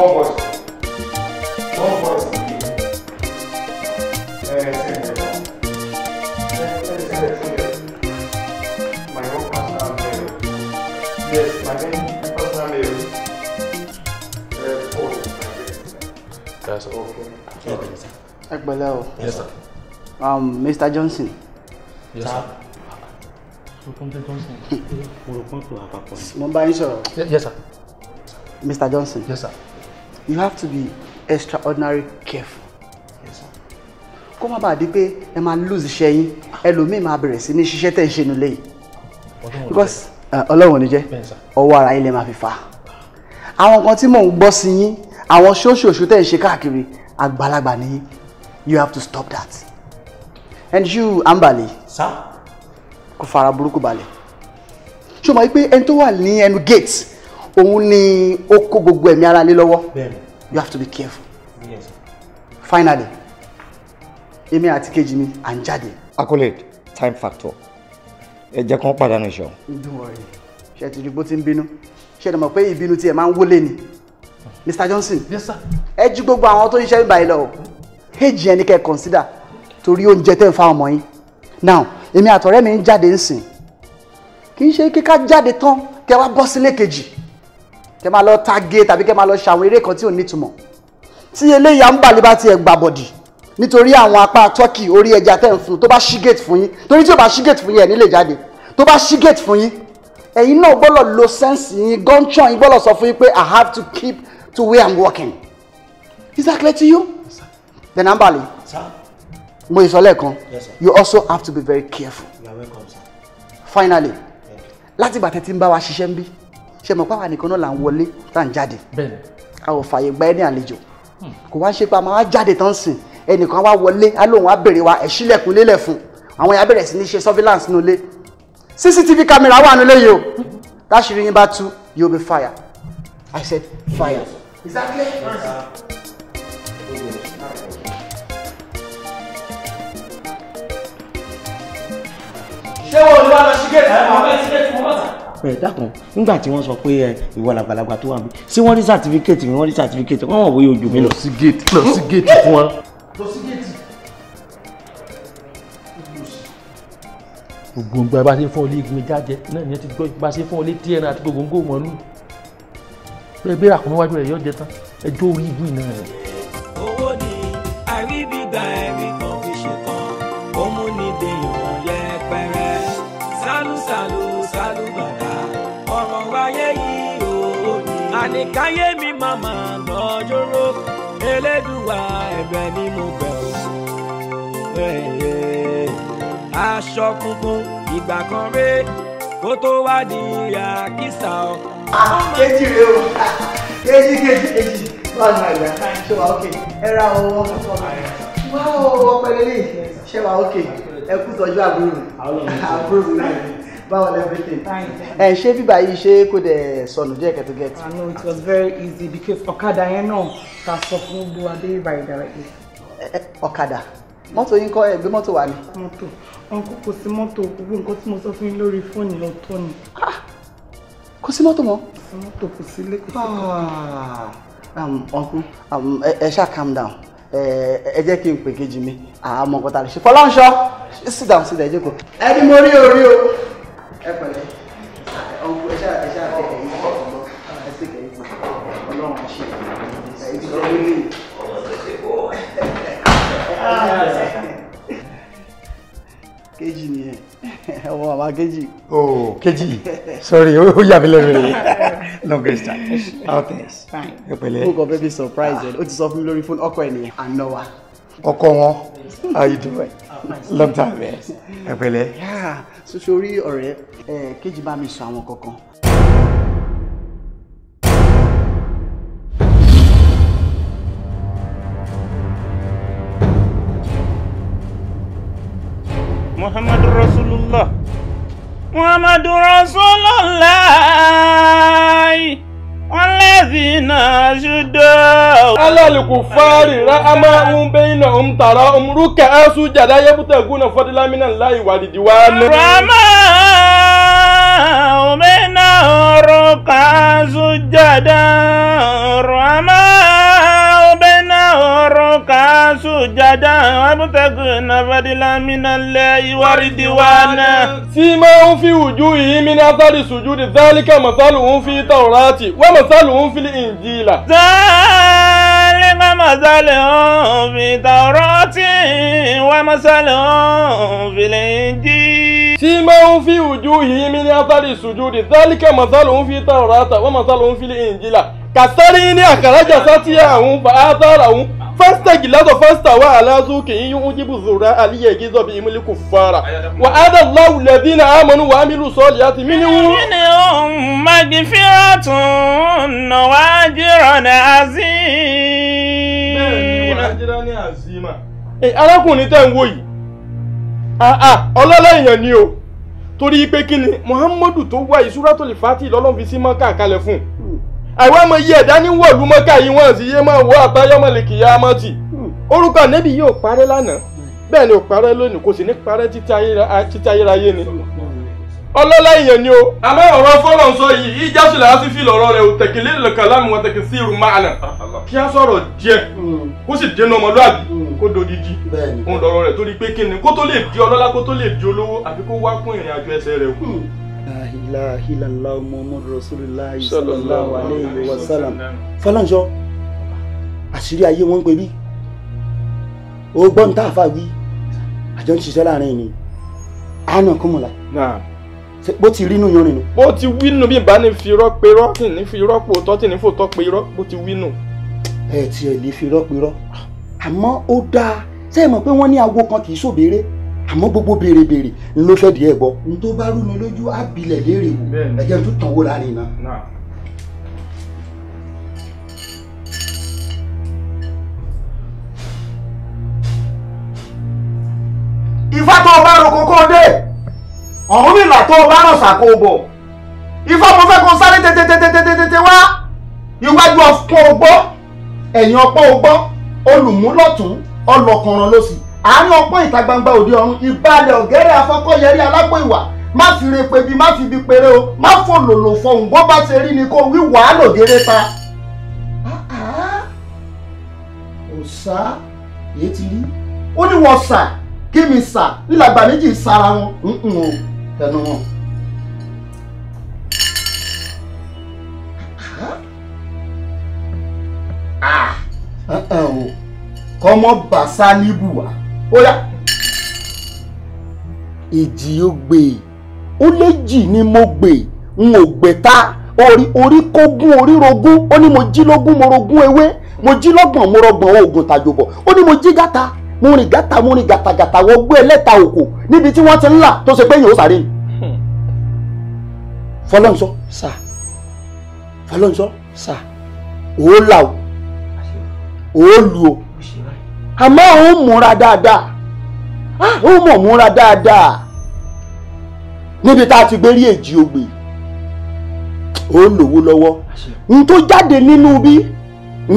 One voice. One voice. Eh, eh, eh. eh. eh, eh my own personal mail. Yes, my own personal mail. Uh, oh. That's okay. Ẹ pẹ̀lẹ́ o. Yes, sir. Um, Mr. Johnson. Yes, sir. Mr. Johnson. Mo rò pọ́n pé àpapọ̀ ni. Mo bá yín sọ̀rọ̀. Yes, sir. Mr. Johnson. Yes, sir you have to be extraordinary careful kó má bàa di pé ẹ máa lose iṣẹ́ yín ẹlòmíì máa bẹ̀rẹ̀ sí ní ṣiṣẹ́ tẹ̀ ń ṣe nílé yìí because ọlọ́run ò ní jẹ́ ọwọ́ ara yín lè máa fi fà àwọn kan tí mò ń gbọ́ sí yín àwọn ṣóṣòṣó tẹ̀ ń ṣe káàkiri àgbàlagbà ni yín you have to stop that and you Ambali kò fara burúkú balẹ̀ ṣùgbọ́n pé ẹni tó wà ní ẹnu gate òun ni ó kó gbogbo ẹ̀mí ara lé lọ́wọ́ you have to be careful yes. finally èmi àti kejì mi à ń jáde. accolade time factor ẹ jẹ́ kán pàdánù iṣan. don't worry ṣe ti rí bó ti ń bínú ṣe ni mo pé ìbínú tiẹ̀ máa ń wọlé ni mr johnson yes sir ẹ ju gbogbo àwọn tó ń ṣiṣẹ́ báyìí lọ o ẹni kẹ́ consider torí oúnjẹ tẹ́ ń fa ọmọ yín now èmi àtọ̀rẹ́ mi ń jáde ń sìn kì í ṣe kíká jáde tán kẹ́ wá bọ́ sílé kejì kẹ́ máa lọ tágé tàbí kẹ́ máa lọ ṣàwọn eré kan tí ò nítumọ̀ tí eléyà ń bàlẹ́ bá tiẹ̀ gbàbọ̀dì nítorí àwọn apá turkey orí ẹja tẹ̀ ń fún tó bá ṣí gate fún yín torí tí ò bá ṣí gate fún yín ẹ̀ nílé jáde tó bá ṣí gate fún yín ẹ̀yin náà gbọ́dọ̀ lo sẹ́ǹsì yín gọ́ńtsọ̀ yín gbọ́dọ̀ sọ fún yín pé i have to keep to where i'm working is that clear to you yes, then ambali mo sọ lẹ́ẹ̀kan you also have to be very careful finally láti ìgbà tẹ́ ti ń bá wa ṣiṣẹ́ ń bí ṣe mọ̀ páwa nìkan náà là ń wọlé tá à ń jáde a ò fààyè gba ẹni àlejò hmm. kò wá ṣe pé a máa jáde tán sìn ẹnìkan wá wọlé á lóun á bèrè wa ẹ̀ṣílẹ̀kùn lélẹ̀ fún àwọn yà bẹ̀rẹ̀ sí ní ṣe surveillance nílé cctv camera wà nílé yìí o láṣìírí yín bá tú you be fire i said fire. Exactly. that clear? Yes. ṣé wọn ò ní wá lọ sí gẹ̀ẹ́tì? àwọn ọmọ ẹ̀ sí gẹ̀ẹ́tì wọn bàtà ẹ eh, dákun nígbà tí wọ́n sọ pé ẹ eh, ìwọ làgbàlagbà tó wà mí ṣé wọ́n rí certificate mi wọ́n rí certificate wọ́n wọ̀ wọ́n yóò jù mí lọ. lọ sí gate lọ sí gate fún wa. lọ sí gate. gbogbo ngbà bá ṣe fún ọ lé jáde náà ìyẹn ti gbọ́ bá fún ọ lé tn àti gbogbo ngó mọ́lú bẹ́ẹ̀ bẹ́ẹ̀ àkùnrin wájú rẹ̀ yọ jẹ tán ẹjọ́ orí igun ìná rẹ̀. ní káyé mi màmá lọ́jọ́rọ́ elédùwà ẹ̀bẹ̀ ni mo bẹ̀ ọ́. aṣọ funfun ìgbà kan ré kó tó wá di àkísà ọ. Ah, kejì rẹ o kejì kejì kejì báwo ni àgbà ṣe wà ókè ẹ ọwọ́ ọmọ rẹ wọ́n ọpẹlẹ lè ṣe wà ókè ẹ kú tọ́jú àbúrò àbúrò mi báwo lẹ everything. ẹ ṣé bíbá yìí ṣé kò dẹ̀ sọnù díẹ̀ kẹtù get. i know it was very easy because ọ̀kadà yẹn náà ta sọ fún gbogbo adébíbá yìí directly. ọ̀kadà mọ́tò yín kọ́ ẹ gbé mọ́tò wá ni. mọ́tò ọ̀nkú kò sí mọ́tò gbogbo nǹkan tí mo sọ fún yín lórí fóònù ọ̀tọ̀ ni. Ah! kò sí mọ́tò mọ́. mọ́tò kò sí ilé kò sí kankan. Ah! ọ̀nkú um, um, ẹ ṣáà calm down ẹ jẹ́ kí n pè kejì mi àmọ́ nǹkan tá ṣe fọláńṣọ́ sit down sit down ẹ jókòó. ẹni mo rí orí o ẹ pẹ̀lẹ́ ọkọ ẹ ṣáà ẹ ṣáà tẹ ẹ̀yìn ọmọ ẹ sì kẹyìn fún Ọlọ́run ṣe ẹ̀yìn tó ń lè. kejì nìyẹn ọmọ bàbá kejì. ooo kejì sorry ó yà mí lẹ́nu rẹ̀ no great time how things. ẹ pẹ̀lẹ́. mo kàn fẹ́ bí surprise ẹ̀ ó ti sọ fún mi lórí fóònù ọkọ ẹ̀ nìyẹn àná ọkọ wọn how you doing long time ẹ eh? ẹ pẹ̀lẹ́. soso orí ọ̀rẹ́ kejì bá mi sọ àwọn kankan. muhammadu rasulullah muhammadu rasulullah. والذين جدوا على الكفار رأمهم بينهم تراهم ركعا سجدا يبتغون فضلا من الله ورضوانا رماهم بينهم ركعا سجدا رماهم ركعا سجدا وابتغون فضلا من الله ورضوانا سيماهم في وجوههم من اثر سجود ذلك مثلهم في التوراة ومثلهم في الانجيل ذلك مثلهم في التوراة ومثلهم في الانجيل سيماهم في وجوههم من اثر السجود ذلك مثلهم في التوراة ومثلهم في الانجيل kasari ni akaraja sati ya ahun fa azara ahun fasta gilazo fasta wa ala zuki in yujibu zura aliya gizo bi imli kuffara wa ada allah ladina amanu wa amilu salihati minhum magfiratun wa ajrun azim eh arákùnrin tẹ́ ń wò yìí ah ah ọlọ́lá èèyàn ni o torí pé kí ni muhammadu tó wá ìsúrátòlì fati lọ́lọ́run fi sí mọ́ káàkalẹ̀ fún un àwa mọ iye ẹ̀dá ní wọ̀lú mọ́ká yìí wọ́n sì yé mọ́ wọ́ àbáyọ́mọ̀lẹ̀kì yá mọ́tì hmm. orúkọ ànẹ́bí yóò parẹ́ lánàá bẹ́ẹ̀ ni ò parẹ́ lónìí kò sì ní parẹ́ títí ayérayé ni ọlọ́lá èèyàn ni o. àmọ́ ọ̀rọ̀ fọlọ́n sọ yìí ìjásùlẹ̀ á sì fi lọ́rọ̀ rẹ̀ ò tẹ̀kílẹ̀ lọ́kàn láàmú wọn tẹ̀kí sí irun máa nà kí á sọ̀rọ̀ díẹ̀ hmm. kó sì dénú ọmọlúàbí hmm. kó dodidi òun lọ́rọ̀ rẹ̀ torí pé kíni kó tó lè di ọlọ́lá kó tó lè di olówó àfi kó la ilaha illallah muhammadu rasulillah sallallahu alayhi wa sallam fọlọ́nṣọ́ àṣírí ayé wọn ń pè bí o gbọ́ ní táàfà wí àjọ ń ṣiṣẹ́ láàrin ni àánà kúmùlà bó ti rí inú yan rìn nù. bó ti wí nù bí ìbá ní fi irọ́ pe irọ́ ní fi irọ́ pò tọ́ tì ní fò tọ́ pe irọ́ bó ti wí nù. ẹ tiẹ̀ lè fi irọ́ pe àmọ́ ó dáa sẹ́yìn mọ̀ pé wọ́n ní aago kan kì í ṣòbéèrè àmọ́ gbogbo béèrè béèrè ń ló fẹ́ díẹ̀ gbọ́ n tó bá rú mi lójú àbílẹ̀ léèrè wò ẹ̀jẹ̀ tó tàn wó láàrin náà. ifá tó bá roko kó dé ọ̀hún mi là tó bá rọ̀ sàkó bọ̀ ifá mo fẹ́ kó sáré tètètètètètè wá iwájú ọpọ́ ọgbọ́ ẹ̀yìn ọpọ́ ọgbọ́ olùmúlọ̀tún ọlọ́kùnrin ló sì àárín ọpọ́n ìta gbangba òde ọ̀run ìbalẹ̀ ọ̀gẹ́rẹ́ afọ́kọ́yẹrí alápò ìwà má fi re pebi má fi bi pere o má fò lòlò fọhùn bó bá ṣe rí ni kó wí wàá lògèrè ta. ọ̀sà ah, ah. èyí ti rí ó ní wọ́n sà kí mi sà nílàgbà méjì sára wọn o tẹnu wọn. Ah. kọ́mọ́ bàṣá níbùwà ó yá ìjì ó gbè ó léjì ni mo gbè n ò gbè ta orí orí kógún orí rogún ó ní mo jí lógún mo rogún ewé mo jí lọ́gbọ̀n mo rọgbọ̀n oògùn tàjòbọ̀ ó ní mo jí gàtà mo rìn gàtà mo rìn gàtàgàtà wọ gbé ẹlẹ́ta òkò níbi tí wọ́n ti ń là tó ṣe pé yìí ó sáré hmm. ni. sà fọlọ́nsọ sà òó là o òó lu o àmọ́ òun múra dáadáa òun ah! mọ̀ múra dáadáa níbi tá a ti gbé rí èjì ogbè ó lówó lọ́wọ́ n tó jáde nínú bí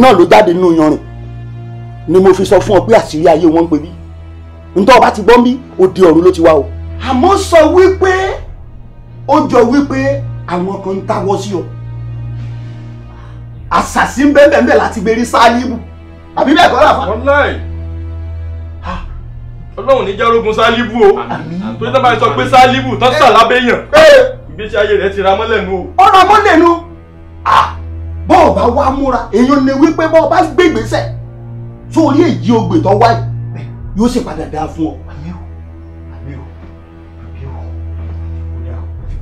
náà ló jáde nínú yanrìn ni mo fi sọ fún ọ pé àṣírí ayé wọn ń pè bí n tó bá ti gbọ́n bí òde ọ̀run ló ti wá o. àmọ́ sọ wípé ó jọ wípé àwọn kan ń táwọ́ sí ọ àṣàṣì ń bẹ́ẹ̀ bẹ́ẹ̀ láti gbé rí sáálíbù àbí bẹ́ẹ̀ kọ́ làfà. wọ́n láì ọlọ́run ní járógun sálíbù o tó tẹ́ bá sọ pé sálíbù tán eh. sà lábẹ́yàn eh. ìgbésí ayé rẹ̀ ti ra mọ́lẹ̀ nu o. ọ̀rọ̀ mọ́lẹ̀ nu bọ́ ọ bá wá múra èèyàn lè wí pé bọ́ ọ bá gbégbèsẹ̀ sórí èyí ogbè tó wáyé yóò sì padà dáa fún ọ.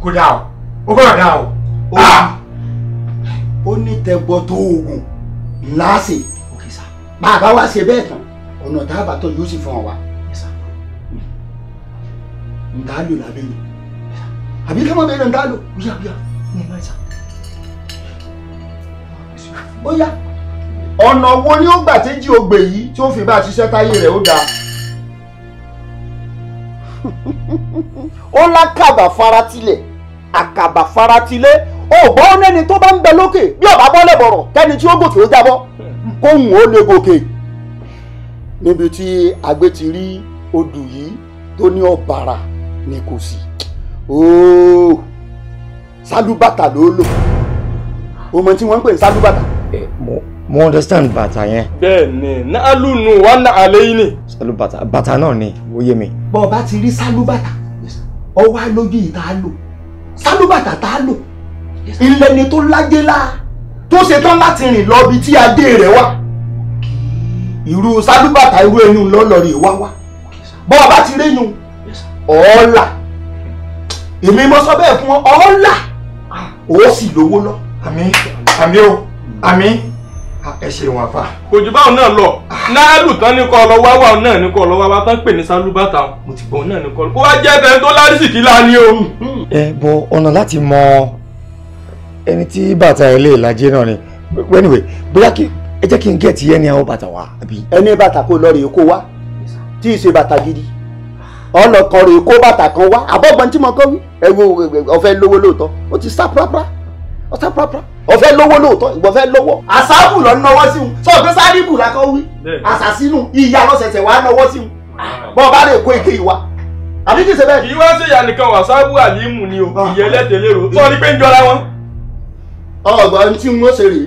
kò dáa o kò dáa o. Ah! ó ní tẹ̀gbọ́ tó oògùn láàṣì bàbá wa ṣe bẹ́ẹ̀ tán ọ̀nà tá a bá tọ́ yóò sì fún ọ wa ntalo la beni àbí ká má bẹ̀rẹ̀ ntalo bóyá bóyá ní ẹ̀rọ ìta bóyá ọ̀nà wo ni ó gbà téjì ogbè yìí tí ó fi bá a ṣiṣẹ́ táyé rẹ̀ ó dáa ó lákàbà faratilẹ̀ àkàbà faratilẹ̀ ògbọ́n ó nẹ́ni tó bá ń bẹ lókè bí ọ̀bá bọ́lẹ̀ bọ̀rọ̀ kẹ́ni tí ó gòkè ó jábọ́ kóhùn ó lè gòkè níbi tí agbé ti rí odù yìí tó ní ọ̀bàrà ni kò sí ooo sálúbàtà ló lò o mọ tí wọ́n ń pè ní sálúbàtà. mo mo understand bàtà yẹn. bẹ́ẹ̀ni naalunu wa naale yìí ni. sálúbàtà bàtà náà ni ó yé mi. bọ́ọ̀ bá ti rí sálúbàtà ọwọ́ alójú yìí tá a lò sálúbàtà tá a lò ilẹ̀ ni tó lájẹ́ láà tó ṣetán láti rìn lọ ibi tí adé rẹ̀ wá irú sálúbàtà irú ẹnu lọ́lọ́rì wá wá bọ́ọ̀ ti rí yun ọ̀ọ́là èmi mo sọ bẹ́ẹ̀ fún ọ ọ̀ọ́là ó sì lówó lọ àmì àmì o àmì ẹ ṣe wọn fa. òjò báwọn náà lọ ah. náàlù tán ní kọ lọ wáwá náà ní kọ lọ wáwá tán pè ní sálúbàtà mo ti bọ̀ náà ní kọ lọ kó wá jẹ́ tẹ́ tó lárísìkí lání o. ẹ bọ ọ̀nà láti mọ ẹni tí bàtà ẹ lè lajẹ náà ni anyway bóyá kí ẹ jẹ́ kí n gẹ̀ẹ́tì ẹni àwọn bàtà wa. ẹni bàtà kò lọ rèé kó wá tí ì ṣe bàtà gidi ọ̀nà kan rèé kó bàtà kan wá àbọ̀gbọ̀n tí mo kọ́ wí ẹ̀wọ̀ ọ̀fẹ́ lówó lóòótọ́ ó ti sá pàápàá ó sá pàápàá ọ̀fẹ́ lówó lóòótọ́ ìwọ fẹ́ lówó. àṣàbù lọ nọwọ́ sí un sọ pé sádìbù la kọ́ wí àṣàsínú ìyá lọ́sẹ̀sẹ̀ wà nọwọ́ sí un bọ́ọ̀ bá lè kó èké ìwà àbí kìí ṣe bẹ́ẹ̀. kì í wá sí ìyá nìkan wàsáàbù àlímù ni o ah. ìyẹn lẹ́tẹ̀lérò sọ ni pé ń jọra wọn. ọgbọ́n tí wọ́n ṣe rèé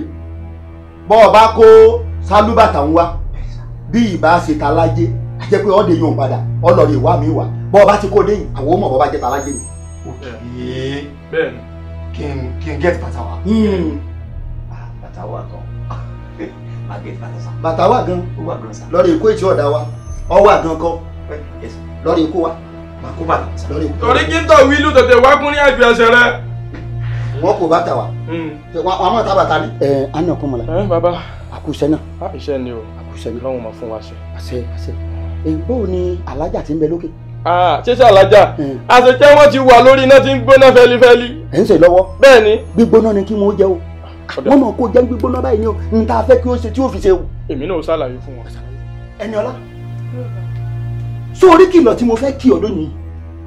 bọ́ọ̀ bá kó sálúbàtà ń wá bí ìbá ṣe ta lájẹ́ jẹ́ pé ọ̀dẹ yóò padà ọlọ́ọ̀rẹ́ ìwà mi wà bọ́ ọba ti kó dé yìí àwọn ọmọ bàbá jẹ́ tara jẹ́ mi. òkè bẹ́ẹ̀ni kí n kí n get bàtà wa. Hmm. Ah, bàtà wa gan <laughs> ma get bàtà sa. bàtà wa gan lọ́ọ̀rẹ́ ìkó ètí ọ̀dà wa ọwọ́ àgàn kọ́ lọ́ọ̀rẹ́ ìkó wa kó bàtà sa. torí kí n tọ̀ wílù tètè wá kún ní àjò ẹsẹ̀ rẹ. wọn kò bàtà wa wọn mọ̀ tá bàtà ni. ẹ anakun mọ̀lá. ẹ baba. àkùsẹ́ náà. àkùsẹ́ ni o. àkùsẹ́ ni. lọ́wọ́n ma fún wa ṣe. àṣẹ àṣẹ bó ni alájà ti ń bẹ lókè. ṣíṣe alájà àṣetẹ hmm. wọn ti wà lórí iná tí ń gbóná fẹlifẹli. ẹ ń ṣe lọ́wọ́. bẹ́ẹ̀ ni. gbígbóná ni kí wọn jẹ o wọn mọ kó jẹ gbígbóná báyìí ni o n ta fẹ́ kí o ṣe tí o fi ṣe o. èmi náà ṣàlàyé fún wọn. Ẹniọlá sórí kìlọ̀ tí mo fẹ́ kí ọ lónìí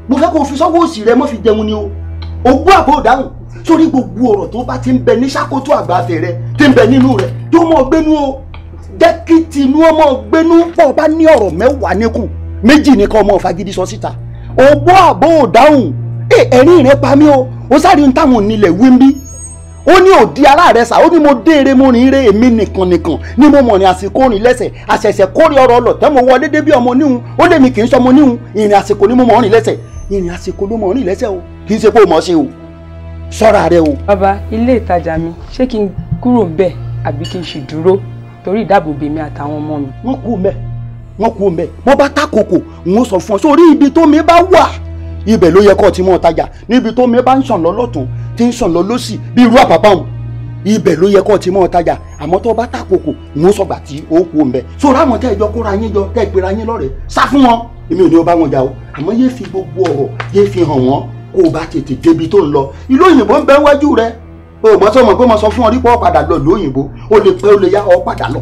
mo fẹ́ kó o fi sọ́wọ́ òsì rẹ mọ́ fi jẹun ni o ògbó àbò dáhùn sórí gbogbo ọ̀rọ̀ tó bá ti ń bẹ ní ṣàkótó àgbà jẹ́ kí tinú ọmọ gbénú pọ̀ bá ní ọ̀rọ̀ mẹ́wàá níkù méjì ní kọ́ ọmọ fagidi sọ síta ògbó àbó òdáhùn ẹ̀rín rẹ̀ pa mí o ó sáré ń táwọn nílẹ̀ wí ń bí ó ní òdi ara rẹ sà ó ní mo déere mo rìn ire èmi nìkan nìkan ní mo mọ̀ rìn àsìkò rìn lẹ́sẹ̀ àṣẹ̀ṣẹ̀ kórè ọ̀rọ̀ ọlọ̀tẹ́ mo wọlé dé bí ọmọ níhun ó lè mi kì í sọmọ níhun ìrìn àsìkò ni mo mọ̀ rìn lẹ́sẹ̀ ìrìn àsìkò ló mọ̀ rìn lẹ́sẹ̀ o kì í ṣe pé o mọ̀ ṣe o sọ́ra rẹ o. bàbá ilé ìtajà mi ṣé kí n kúrò bẹ́ẹ̀ àbí kí n ṣì torí ìdáàbòbò mi àtàwọn ọmọ mi. wọ́n kú mẹ́ wọ́n kú mẹ́ bó bá takoko wọ́n sọ fún ọ sórí ibi tó mi bá wà ibẹ̀ ló yẹ kó ti mọ́ ọ̀tajà níbi tó mi bá ń sàn lọ́lọ́tún ti ń sàn lọ́lọ́sì bí irú àbábá òun ibẹ̀ ló yẹ kó ti mọ́ ọ̀tajà àmọ́ tó bá takoko wọ́n sọ̀gbà tí ó kú mẹ́ sórí àwọn tẹ́ ẹ jọ kóra yín jọ tẹ́ ẹ pera yín lọ́rẹ̀ẹ́ sá fún wọn èmi ò ní ó bá wọn jà o àmọ́ yéé fi gbogbo ọ̀rọ̀ yéé fi hàn wọ́n kó o bá tètè débi tó ń lọ ìlú òyìnbó ń bẹ wájú rẹ o mọ sọ mọ pé mo sọ fún ọ dípò ọ̀padà lọ lóyìnbó o lè pẹ́ o lè yá ọ̀padà lọ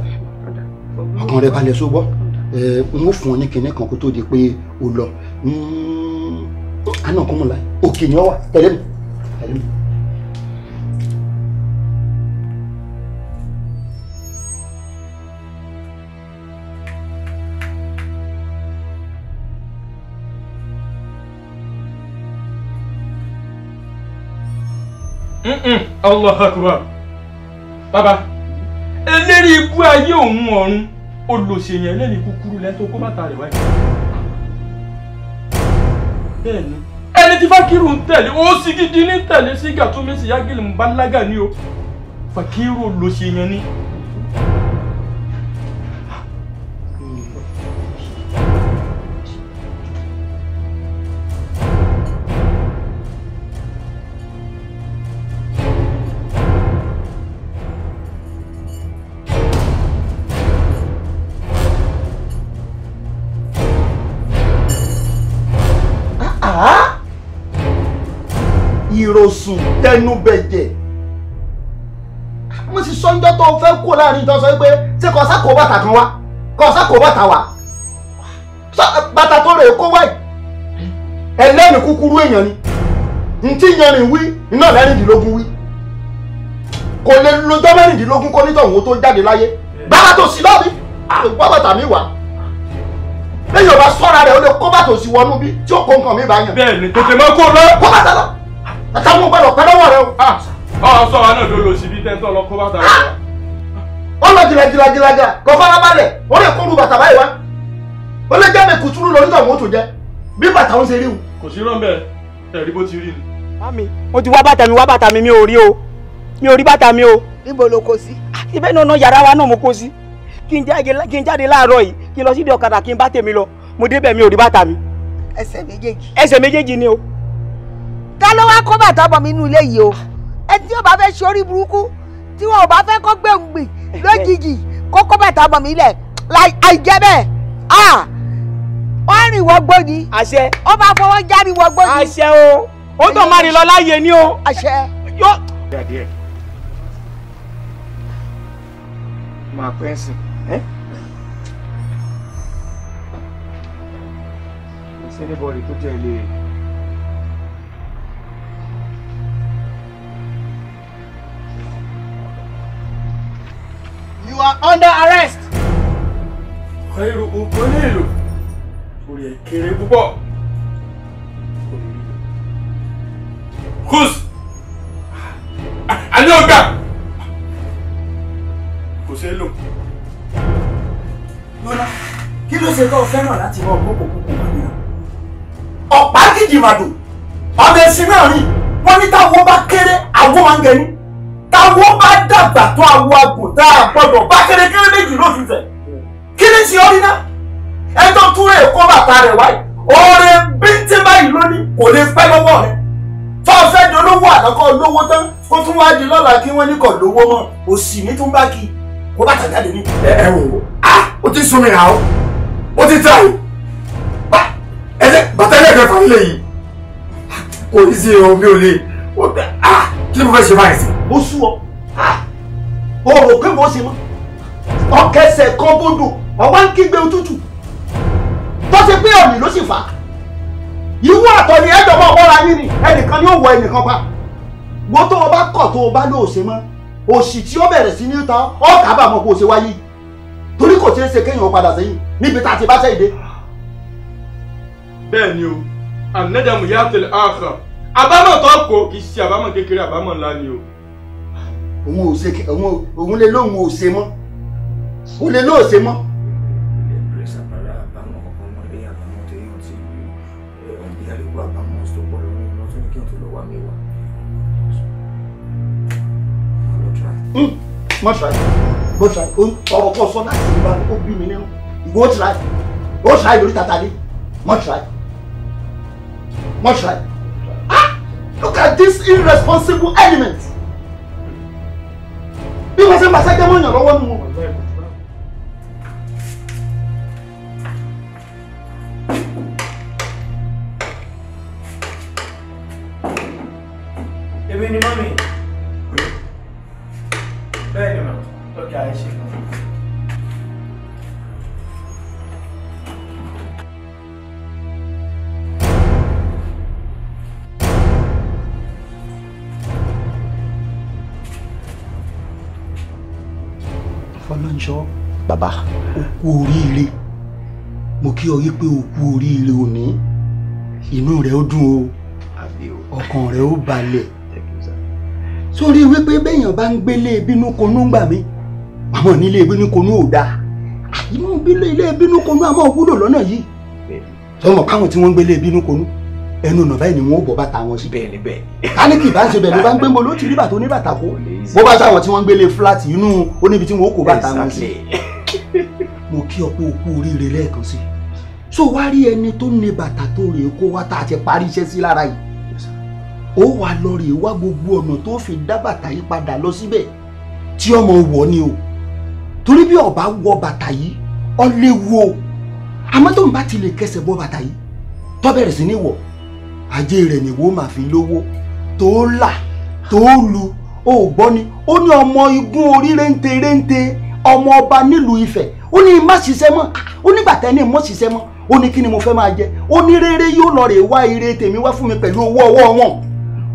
ọkàn rẹ balẹ̀ sóbọ́ ẹ n ó fún ọ ní kinní kan kó tó di pé o lọ àná hmm, kọ́mọ̀lá òkè ni ọ wà tẹ̀lé mi tẹ̀lé mi. allah akbar bàbá eléri ibú ayé òun ọ̀run olùsèyàn eléyìí kúkúrú lẹ́tọ́ kó bàtà rẹ̀ wáyé bẹ́ẹ̀ ni ẹni tí fákírù ń tẹ̀lé ó sì gidi ní tẹ̀lé sígà tó mẹ́sì yágìlì ń bá lágà ní o fàkírù olùsèyàn ni. ìròsùn tẹnubẹ̀jẹ̀ mo sì sọ́njọ́ tó fẹ́ kó láàrin ìjọ sọ pé ṣé kò sá kó bàtà kan wá kò sá kó bàtà wá bàtà tó rè kó wáyì ẹlẹ́rìn kúkúrú èèyàn ni ntí yanrìn wí iná lẹ́rìndínlógún wí kò lè lọ́jọ́ mẹ́rìndínlógún kó nítorí òun tó jáde láyé bàbá tó sì lọ́ọ̀bí àgbọ̀ bàtà mi wà lẹ́yìn ọba sọ́ra rẹ̀ ó lè kó bàtà òsì wọnú bí tí ó kó nǹkan mi bá yàn. bẹ́ẹ̀ni tètè máa kó lọ. kó bàtà lọ àtàwọn gbọ́dọ̀ pẹ́ lọ́wọ́ rẹ o. ọ ah, ah, sọ wa náà ló lo síbi tẹ́ńtọ́ lọ kó bàtà wà. Ah, ó lọ jìlajìlajìlajà kó farabalẹ̀ ó lè kóru bàtà báyìí wá ó lè jẹ́ mi kùtùrú lórí tọ̀ mọ́tò jẹ bí bàtà ń ṣe rí o. kò sí rọ́ńbẹ́ ẹ̀rí bó ti rí ni. mami mo ti wá bàtà mi wá bàtà mi mi ò rí o mi ò rí bàtà mi o. níbo lo kó sí. ibẹ̀ náà yàrá wa náà mo kó sí kí n jáde láàárọ̀ yìí kí n lọ sí ìdí ọ̀kadà kí n bá tèmi lọ mo débẹ̀ mi ò rí bàtà mi. ẹsẹ̀ méjèèjì. ẹsẹ̀ méjèèjì ni o ta ló wá kó bàtà ọmọ mi nínú ilé yìí o ẹni tí yóò bá fẹ́ ṣorí burúkú tí wọn ò bá fẹ́ kó gbẹ̀ngbì lójijì kó kó bàtà ọmọ mi lẹ̀ àìjẹ́ bẹ́ẹ̀ a wọ́n rìn wọ́gbó ni ó bá fọwọ́ járí wọ́gbó ni àṣẹ o ó tó má rìn lọ láàyè ni o àṣẹ yóò. máa pẹ́ sìn. anybody tó tẹ̀lé You are under arrest. Ọ̀rẹ́ ìlú kò ní ìlú. Orí ẹ̀ kéré púpọ̀. Kùs! Àní ọgbà! Kò ṣeé lò. Lọ́lá, kí ló ṣe tó fẹ́ràn láti bọ́ ọ̀pọ̀ kòkòrò wà ní ọ̀pá gidi táwọn bá dàgbà tó àwọ àgùntà àpọ̀dọ̀ bá kérékéré méjì lóṣù tẹ̀ kí ni ṣe ọdí náà ẹjọ́ tún rè kó bàtà rẹ̀ wáyé oore bíntín báyìí lónìí kò lè pẹ́ lọ́wọ́ rẹ̀ fọ́ọ̀fẹ́ di olówó àkọ́kọ́ olówó tán kó tún wá di lọ́la kí wọ́n ní kò lówó mọ́ òsì ní tún bá kí kó bàtà jáde ní. ẹ ẹ wò ah! ó ah o ti sún mi rà o, o ti tẹ̀ ọ́ bá ẹ bàtà ilé ẹ̀kẹ́ fà ń lè yìí ah, kò ní sí o mi ò lè ah kí ni mo fẹ́ ṣe báyìí sí ó sú ọ ó rò pé wọ́n sì mọ́ ọkẹsẹ̀ kan bódò ọwọ́ ń kígbe òtútù tó ṣe pé ọ̀nì ló sì fà á ìwọ àtọ̀ ni ẹ̀jọ̀ mọ́ ọ̀pọ̀ra yín ni ẹnìkan ni ó wọ ẹnìkan pa wọ́n tó o bá kọ̀ tó o bá lò ó ṣe mọ́ òṣì tí ó bẹ̀rẹ̀ sí ní ta ọ́ kábàámọ̀ kó o ṣe wáyé torí kò ṣeé ṣe kéèyàn padà sẹ́yìn níbi tá a ti bá ṣe ìdè. bẹ́ẹ̀ ni o ànádàmú yàtọ̀ àkàrà àbámọ̀ tó kọ kì í ṣe àbámọ̀ kékeré àbámọ̀ ńlá ni o òun ò ṣe òun òun lè lóun ò ṣe mọ́ òun lè lóun ò ṣe mọ́. mọ hmm, tra mọ tra ọ̀rọ̀ kọ sọ láti ìgbà tó bí mi náà ìgbà ó tra ó tra ìlú tata dé mọ tra mọ tra ah look at this irresponsible element bí wọ́n ṣe ń pàṣẹ jẹ́mọ́ èèyàn lọ́wọ́ nù. èmi ni mọ́mì. bàbá. o kú oríire mo kí ọ yí pé o kú oríire òní inú rẹ ó dùn o ọkàn rẹ ó balẹ̀ sórí wípé bẹ́yàn bá ń gbélé bínú konú gbà mí àmọ́ nílé bínú konú ò dáa inú bílé ilé bínú konú àmọ́ wúlò lọ́nà yìí sọmọ káwọn tí wọ́n ń gbélé bínú konú ẹnu ọ̀nà báyìí ni wọ́n bọ̀ bàtà wọn sí. bẹ́ẹ̀ni bẹ́ẹ̀. kánìkì bá ń ṣe bẹ́ẹ̀ ló bá ń gbé mo ló ti rí bàtà oníbàtà kó. bó bá sáwọn tí wọ́n ń gbélé fúláàtì inú oníbi tí wọ́n kó bàtà wọn sí mo kí ọ pé oríire lẹ́ẹ̀kan sí so wá rí ẹni tó ní bàtà tó rèé kó wá tá a ti parí iṣẹ́ sí lára yìí ó wà lọ rèé wá gbogbo ọ̀nà tó fi dá bàtà yìí padà lọ síbẹ̀ tí ọmọ wọ̀ ni o torí bí ọba wọ bàtà yìí ọ léwu o àmọ́ tó ń bá ti kẹsẹ̀ bọ́ bàtà yìí tó bẹ̀rẹ̀ sí ní wọ̀ ajé rẹ̀ nìwó máa fi lówó tó là tó lu ó gbọ́ ni ó ní ọmọ igun orí réńte réńte ọmọ ọba nílùú Ifẹ̀ ó ní má ṣiṣẹ́ mọ́ ó nígbà tẹ́ni mọ́ ṣiṣẹ́ mọ́ ó ní kí ni mo fẹ́ máa jẹ ó ní rere yóò lọ rè wá ire tèmi wá fún mi pẹ̀lú owó ọwọ́ wọn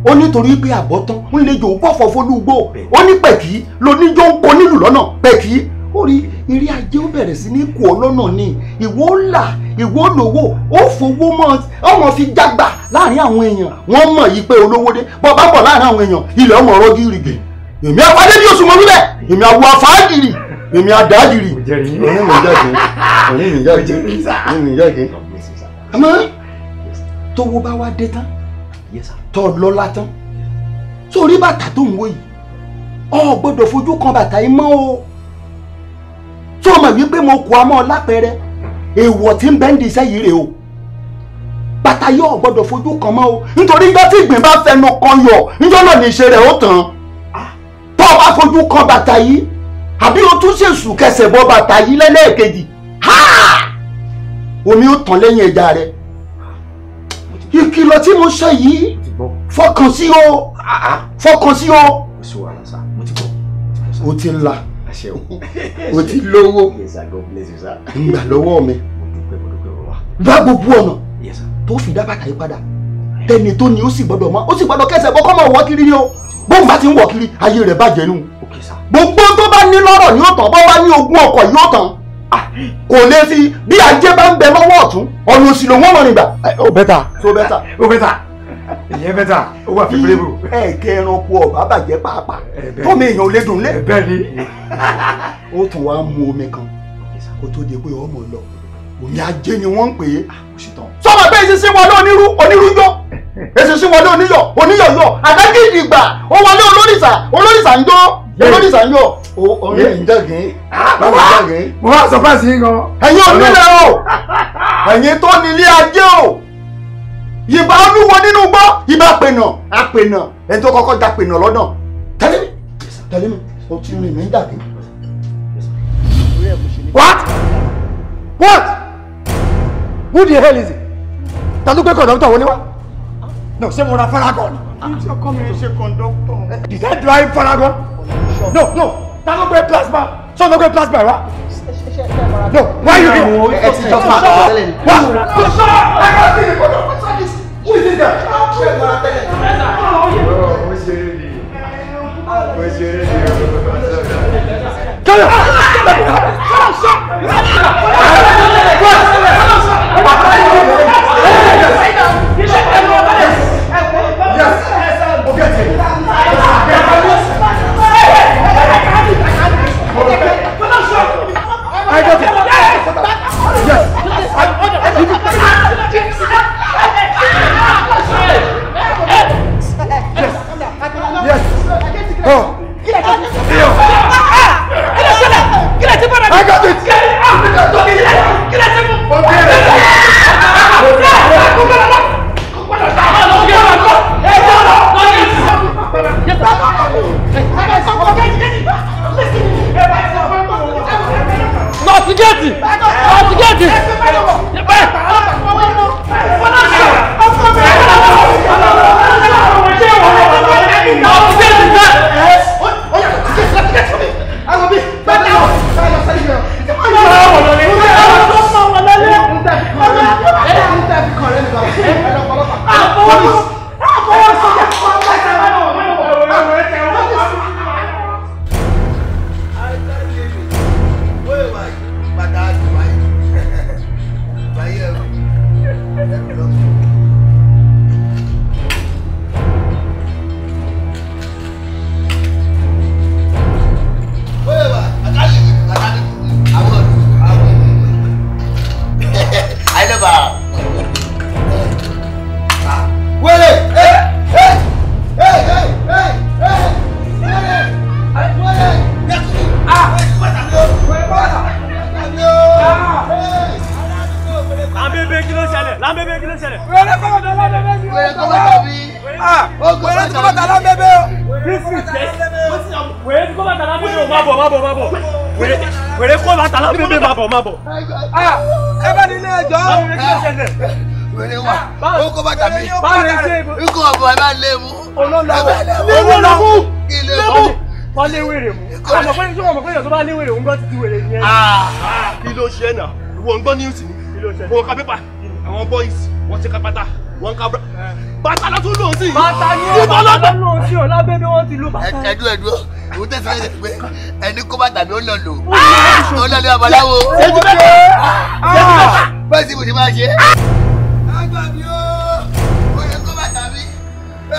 ó ní torí pé àbọ̀tán ń lè jò bọ̀fọ̀ fólúgbò ó ní pẹ̀kì lóníjó ń kọ nílùú lọ́nà pẹ̀kì ó rí eré ajé ó bẹ̀rẹ̀ sí ní kú ọ lọ́nà ni ìwọ là ìwọ lówó ó fowó mọ ọmọ fi jágbà láàrin àwọn èèyàn wọn mọ yìí pé olówó dé bọ́ bá bọ̀ láàrin àwọn èèyàn ilẹ̀ ọmọ ọ̀rọ̀ gírígì èmi àfáàdé bí oṣù mọ́ níbẹ̀ èmi àwọ̀ àfáàgìrì èmi àdájìrì òní mi jáde òní mi jáde òní mi jáde àmọ́ tówó bá wá dé tán tọ́ lola tán sórí bàtà tó ń wò yìí o gbọ́dọ̀ fojú kan bàtà yìí mọ́ o tó mọ̀ wípé mo kó amọ́ lápẹẹrẹ èèwọ̀ tí ń bẹ́ǹdì iṣẹ́ yìí rèé o bàtà yìí o gbọ́dọ̀ fojú kan mọ́ o nítorí níjọ́ tí ìgbín bá fẹnu kan yọ níjọ́ náà ní ìṣe rẹ̀ ó tán ah. tọ́ ọ bá kan bàtà yìí àbí o tún ṣèṣù kẹsẹ̀ bọ́ bàtà yìí lẹ́lẹ́ẹ̀kejì omi ó tàn lẹ́yìn ẹja rẹ ìkìlọ̀ tí mo ṣe yìí fọkàn sí o ah, ah. fọkàn sí o o ti ń la o ti lówó gbà lọ́wọ́ mi bá gbogbo ọ̀nà tó fi dá yìí padà tẹni tó ni ó sì gbọ́dọ̀ mọ̀ ó sì gbọ́dọ̀ kẹsẹ̀ bọ́ kọ́ mọ̀ wọ́ kiri ni o bóun bá ti ń wọ̀ kiri ayé rẹ̀ bàjẹ́ nù. gbogbo tó bá ní lọ́rọ̀ ni ó tán bó bá ní ogún ọkọ̀ yóò tán kò lè fi bí ajé bá ń bẹ lọ́wọ́ ọ̀tún ọ̀nà òsì lòun ọ̀nà rìngbà. ó bẹ́tà ó bẹ́tà ó bẹ́tà ìyẹn bẹ́tà ó wà fífúrébù. ẹ kẹ ẹranko ọba bàjẹ́ pàápàá tọ́mọ èèyàn ò lè dùn lé. bẹ́ẹ̀ ni. <laughs> ó tún wá mu omi kan kó tó di pé ọmọ lọ omi ajé ni wọ́n ń pè é. sọ́wọ́n bẹ́ẹ̀ sísè wọn lónírú onírú yó èsì sí wọlé oníyọ̀ oníyọ̀ yọ̀ àdágìdì ìgbà ó wọlé olórìṣà olórìṣà ń jó olórìṣà ń yọ̀ orin ìjọgìn ah, bàbá ìjọgìn. mo wá sọ fáṣí yín gan. ẹ̀yin onílẹ̀ o <laughs> ẹ̀yin tó nílé ajé o ìbá olúwo nínú gbọ́ ìbá pènà àpènà ẹni tó kọ́kọ́ da pènà lọ́nà tẹ́lẹ̀ mi tẹ́lẹ̀ mi o ti rìn mí dàbí. what what who the hell is it? ta ló gbé kọ̀dọ̀tọ̀ wọlé wá no ṣé mo ra faragon ni. kí ọkọ mi say kọ̀ǹdọ́tọ̀. did I drive faragon. no no ta ló gbé plasma So ló gbé plasma wa. no why you go. ẹ ti jọ fún What? tẹ́lẹ̀ ni. wa kò sọ ẹ ká sí ní kọ́ńtà fún sáfìsì who is it there. ṣé ẹ mọ̀ra tẹ́lẹ̀. ó ṣe é ní ó ṣe é ní. kálọ̀ kálọ̀ kálọ̀ sọ. kálọ̀ sọ. I got it! Get out! Get it out! Get out! Get it out! out! wọ́n léwèrè mú ọmọ pé ṣé ọmọ pé èèyàn tó bá léwèrè òun gbọ́ ti di wèrè yẹn. Ah. kí ló ṣe náà wọ́n ń gbọ́ news ni wọ́n ka pépà àwọn boys wọ́n ti ka pátá wọ́n ka eh. bàtà ló tún lò sí i. bàtà ni ó bàtà ló lò ó sí ọ lábẹ́ bí wọ́n ti lo bàtà. ẹdú ẹdú òun tẹ̀sí ẹ̀ pé ẹni kó bàtà mi ó lọ lò ó ah! lọ lé babaláwo. ṣé ti bẹ́ẹ̀ ah! bẹ́ẹ̀ sì mo ti máa ṣe.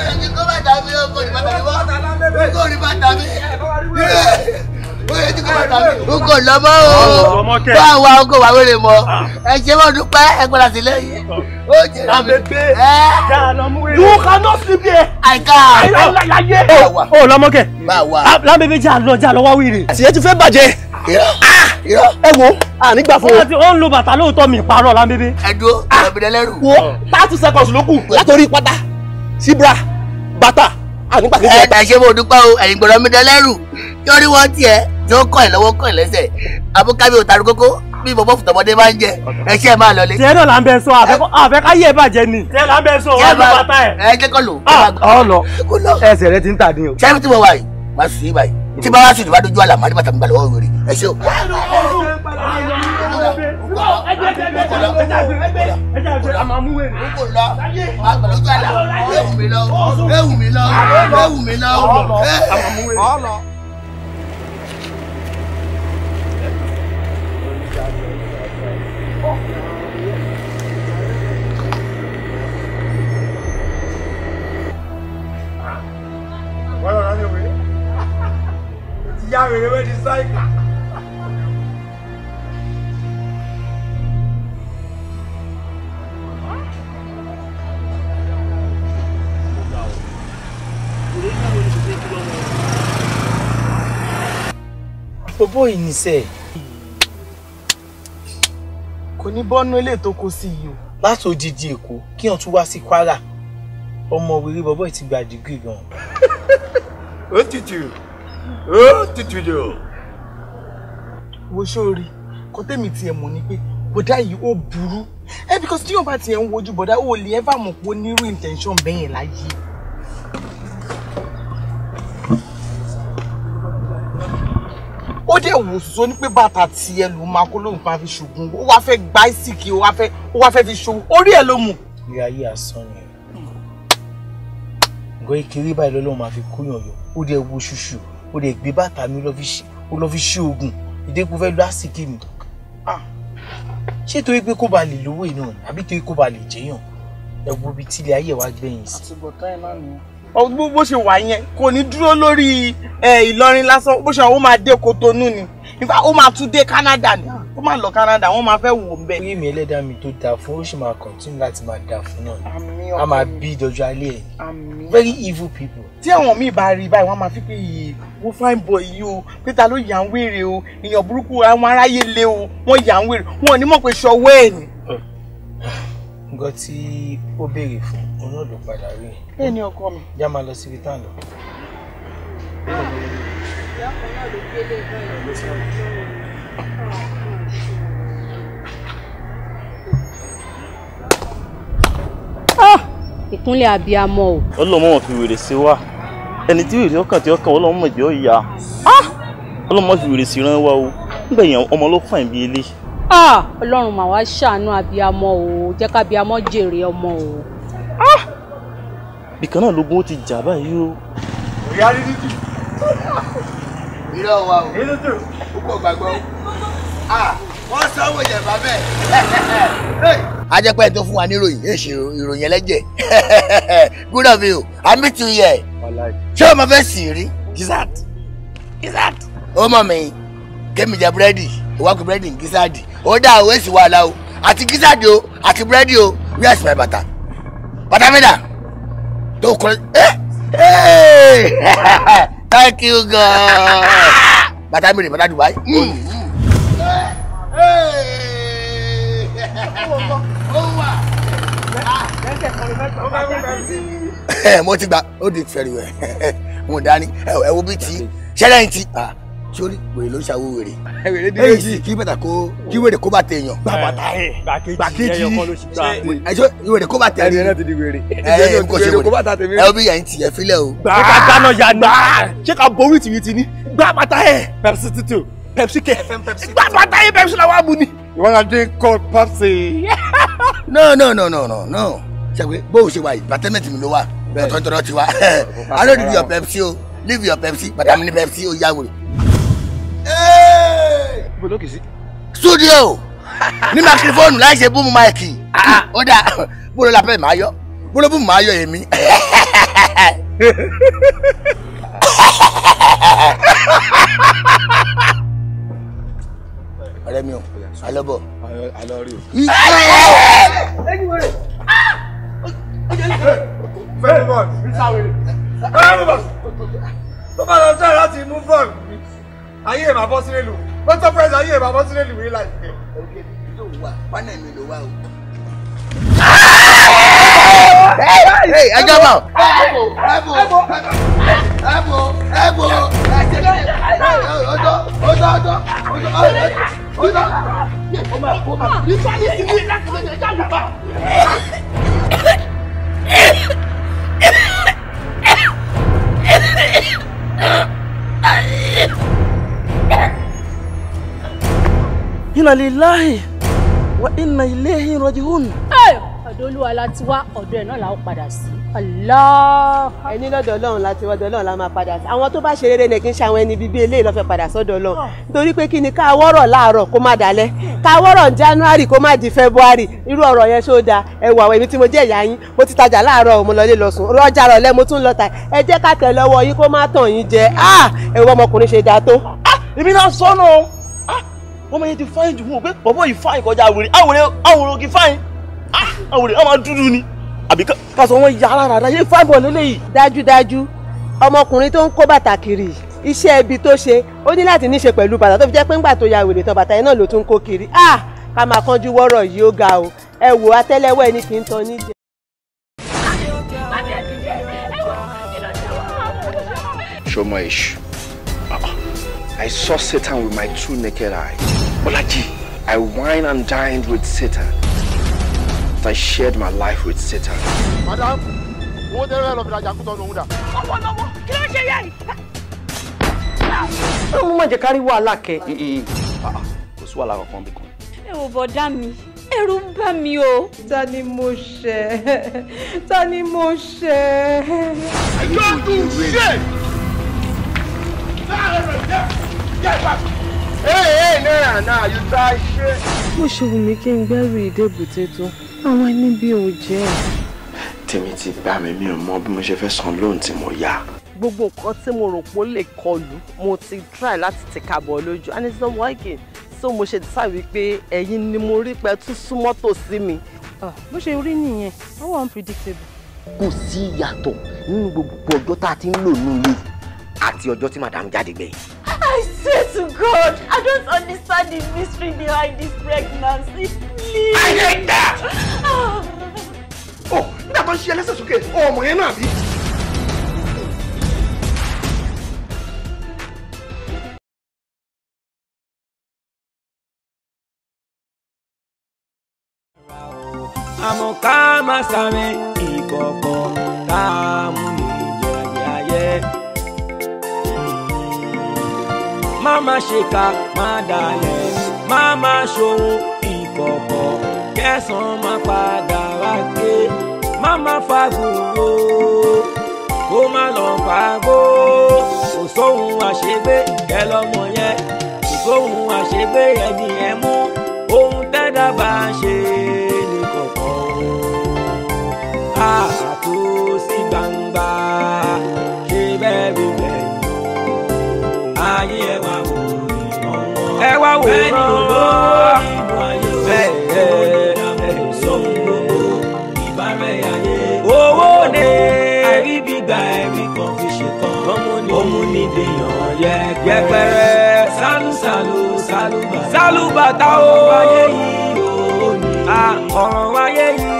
ẹni kó bá dà mí ó kò rí bàtà mi wá ó kò rí bàtà mi ó yẹ kí kó bá dà mí ó kò lọ́mọ́ o bá wa ó kò wá wéré mọ́ ẹ ṣe mọ́ dúpẹ́ ẹ gbọ́dọ̀ sí lẹ́yìn ó jẹ rà mí ẹ. you cannot sleep here. àìká ó lọ́mọ́kẹ́ lábẹ́bẹ́ jà lọ jà lọ́wọ́ wíìrì. àtìyẹ́ ti fẹ́ bàjẹ́ ẹ wo ànígbà fún ó ń lo bàtà lóòótọ́ mi parọ́ bàtà ànígbàdé jẹ. ẹ ta ṣé mo dúpẹ́ o ẹ̀yìn gbọ́dọ̀ mi dẹ́lẹ́rù yọrí wọ́n tiẹ̀ yóò kọ́ ẹ̀ lọ́wọ́ kọ́ ẹ̀ lẹ́sẹ̀ àbúkábí ò taru kókó bí bọ̀bọ̀ fùtọ̀mọdé máa ń jẹ ẹ ṣe é máa lọlé. tiẹ̀ náà là ń bẹ sọ àfẹ́ ká yé bàjẹ́ ni. tiẹ̀ là ń bẹ sọ wọ́n ló bàtà ẹ̀. ẹ jẹ́ kọ́ lò. Ah, ọ lọ ẹsẹ̀ rẹ ti ń tà ní o. sẹ́yìn tí mo wà yìí máa sùn yìí báyìí tí bá wá sùn ìdìbò àdójú àlà máa ní mi balẹ̀ wọ́n lọ ẹjẹ ẹjẹ ẹjẹ ẹjẹ ẹjẹ ẹjẹ ẹjẹ ẹjẹ a máa mú wèrè. n kò lọ àgbàlagbà la ewu mi lọ ewu mi lọ ewu mi lọ ọlọ. Wọ́n lọ rán mi òwe. Ìyá rẹ̀ wẹ́n ti sáyìká. Bòbó yìí nìṣẹ́ kò ní bọ́nú ilé tó kó sí yìí o. Láti òjijì Èkó kí wọ́n tún wá sí Kwara ọmọ wèrè bọ́bọ́ yìí ti gba dìgírì gan. Ó tutù ó tutù jọ. Wo sórí kọ́tẹ́mi tiẹ̀ mọ̀ ni pé bọ̀dá yìí ó burú ẹ because tí yóò bá tiẹ̀ ń wojú bọ̀dá ó lè ẹ́ bá mọ̀ pé ó nírú intention bẹ́yẹn láyé. ó dẹ̀ wò so ní pé bàtà tiẹ̀ ló máa kó lóun pa fi ṣògùn ó wá fẹ́ gba ìsìnkì ó wá fẹ́ ó wá fẹ́ fi ṣòwò orí ẹ̀ ló mú. ní ayé asán ni nǹkan ìkéré báyìí lọ́lọ́run máa fi kóyàn yọ ó dẹ̀ wo ṣuṣu ó dẹ̀ gbé bàtà mi ó lọ́ fi ṣe oògùn ìdẹ́kun fẹ́ lọ àsìkí mi ah! ṣé torí pé kó ba lè lówó iná àbí torí kó ba lè jẹyàn ẹ wo ibi tí ilé ayé wa gbẹ̀yìn sí. àtúbọ̀tán ẹ̀ náà nìyẹn bó ṣe wà yẹn kò ní dúró lórí Ìlọrin lásán bó ṣe ó máa dé Kotonu ni nípa ó máa tún dé Canada ni ó máa lọ Canada wọ́n máa fẹ́ wò ó bẹ́ẹ̀. oyè mi ẹlẹ́dàá mi tó dáa fún ó sì máa continue láti máa dáa fún náà a máa bí ìdọ́jú alẹ́ ẹ̀ very evil people. tí àwọn míì bá rí báyìí wọ́n máa fi pé yìí wo fine boy yìí o peter ló yà ń wèrè o èèyàn burúkú àwọn aráyé lé o wọ́n yà ń wèrè wọn ò ní mọ̀ pé ṣọwọ́ ẹ̀ ni. nǹkan tí ó béèrè fún òun náà ló padà rí i. bẹ́ẹ̀ ni ọkọ mi. já máa lọ síbi tá à ń lọ. ìyá kan náà ló gbélé báyìí ló sọ fún un. ìkúnlẹ̀ abiyamọ o. ọlọmọ wọn fi wèrè sí wa ẹni tí wèrè ọkàn tí ọkàn ọlọmọ jọ ya ah! ọlọmọ fi wèrè sí ran wa o nígbà yẹn ọmọ ló fà bí ilé. Ah! ọlọ́run màá wá ṣàánú abiyamọ o jẹ́ ká abiyamọ jèrè ọmọ o. Ah! bìkan náà lógún ó ti jà báyìí o. ìyá ní tútù ìrọ̀ wa o ní tútù púpọ̀ gbàgbọ́ ah, wọ́n sanwó ìjẹ̀bá bẹ́ẹ̀. a jẹ́ pé ẹ̀ tó fún wa níròyìn èsì ìròyìn ẹlẹ́jẹ̀ <laughs> good of you i meet you here ṣé o máa fẹ́ sì rí gizzard gizzard ó mọ̀ mi kémi jẹ búrẹ́dì ìwákùn búrẹ́dì gizzard ó dá òwe sí wàhálà o àti gizzard o àti búrẹ́dì o wíwá sí my bàtà bàtà mi dà tó kọrẹ thank you God bàtà mi rè bàtà Dubai. Mm, mm. Eh, mo ti gba ó di fẹ́rí wẹ̀ <laughs> mo dání ẹ wo bí ti ṣẹlẹ̀ ń ti sórí wèrè ló ń ṣàwó wèrè <laughs> èyí sì kí bàtà kó kí wèrè kó bá tẹ èèyàn gbà bàtà gbàkejì eh, ẹjọ wèrè kó bá tẹ ẹni ẹni ti wèrè ẹ ẹ kò ṣe wèrè ẹ bí yẹn ti yẹ filẹ o. gbà ṣé ká dáná ya gbà ṣé ká ni gbà ẹ pepsi títò pepsi kẹ gbà ẹ pepsi làwọn amú ni. you wanna drink pepsi. no no bó o ṣe wà yìí bàtẹ́mẹ̀tì mi ló wà bẹ́ẹ̀ ti wá i no need your pepsi o leave your pepsi bàtà mi ni pepsi o yà ibo lókè sí. studio ní makirifóònù láì ṣe búmu máìkì ah, ah. ó dà bó ló la fẹ́ máa yọ bó ló búmu máa yọ èmi. ọ̀rẹ́ mi o alọ́bọ̀. alọ́rí o. fẹ́ẹ́ bọ̀ fẹ́ẹ́ bọ̀ bàbá lọ sẹ́yìn láti mú fọ́ọ̀nù ayé ẹ̀ bọ́ sílé lù mọ́tò pẹ́sì ayé ẹ̀ bọ́ sílé lù rí láìpẹ́. òkè ló wà pánẹ̀ mi ló wà o. ẹ jẹ́ bá. ẹ̀bù ẹ̀bù ẹ̀bù inna lillahi wa inna ilayhi raji'un. ọ̀dọ̀ olúwa la ti wá ọ̀dọ̀ ẹ̀ náà la ó padà sí. ẹni lọ́dọ̀ ọlọ́run la ti wá ọ̀dọ̀ la máa padà sí. àwọn tó bá ṣe rere ni kì í ṣe àwọn ẹni bíbí eléyìí lọ́fẹ̀ẹ́ padà sọ́dọ̀ ọlọ́run. Ah. nítorí pé kí ni ká wọ́rọ̀ láàárọ̀ kó má dalẹ̀ ká wọ́rọ̀ january kó má di february irú ọ̀rọ̀ yẹn ṣó da ẹ wà wẹ̀mí tí mo jẹ́ ìyá yín mo ti tajà láàárọ̀ mo lọ lé lọ sùn rọ́jà mo tún lọ tà ẹ jẹ́ ká tẹ̀ lọ́wọ́ yín kó má tàn yín jẹ ah! ẹ wọ́n ọmọkùnrin ṣe da tó èmi náà sọ́nà o ah, wọ́n mọ̀ yẹn ti fáyín jù fún o pé bọ́bọ́ yìí fáyín kọjá àwòrán àwòrán ah, àwòrán kì í fáyín àwòrán àwọn dúdú ni àbí ká sọ wọn yàrá rárá yé fáyín bọ̀ lélẹ́yìí. dájúdájú ọmọkùnrin tó ń kó bàtà kiri iṣẹ́ ibi tó ṣe ó ní láti níṣe pẹ̀lú bàtà tó fi jẹ́ pé ńgbà tó ya wèrè tán bàtà yẹn náà ló tún kó kiri ah ká máa kánjú wọ́rọ̀ yìí ó ga o ẹ wò atẹ́lẹ́wọ́ ẹni kì í tan níjẹ. ṣọmọ èṣù I saw Satan with my true naked eye. Olaji, I wine and dined with Satan. I shared my life with Satan. Madam, what the hell fi rajà kútọ́ ní òun dà. ọwọ́ lọ́wọ́ kí No ṣe yẹ no ó mú mọ̀jẹ̀ kárí wàhálà kẹ. Ah, ah, kò sí wàhálà kankan mi o. ta mo ṣẹ̀ ta mo ṣẹ̀. yóò dùn ṣe. Hey, hey, nah, nah, you try shit. Mo ṣe we mí kí n gbẹ́rù ìdè potato. Àwọn ẹni bí ò jẹ́. Tèmi ti bá mi mi ò mọ bí mo ṣe fẹ́ san Gbogbo nǹkan tí mo rò pé lè kọlù, mo ti try láti tìka bọ̀ lójú and it's not working. So mo ṣe decide wípé ẹ̀yin ni mo rí pé tún súnmọ́ tòsí mi. Ah, bó ṣe rí nìyẹn, ó wà unpredictable. Kò sí ìyàtọ̀ nínú gbogbo ọjọ́ tá a ti ń lò ní ilé àti ọjọ́ tí màdàm jáde gbẹ̀yìn. I swear to God, I don't understand the mystery behind this pregnancy. Please. I hate that! Ah. oh, that tó ń ṣe ẹlẹ́sẹ̀ Oh, my yẹn náà bí. àmọ́ ká má sáré má má ṣèkà má dalẹ̀ má má ṣohun ìkọ̀kọ̀ kẹsàn-án má padà wá dé má má fagun wo kó má lọ fagbó kò sóhun àṣegbé ẹ lọ́mọ yẹn kò sóhun àṣegbé ẹni ẹ mú ohun tẹ́dá bá ṣe ní kọ̀kọ̀ o àtúnṣe. bẹ́ẹ̀ ni olórí ìlú ayé ìdààmú sóhun gbogbo ìbárẹ̀ ayé. owó ni àríbí gba ẹ̀rí kan fi ṣe kan òun ni yẹ yìí.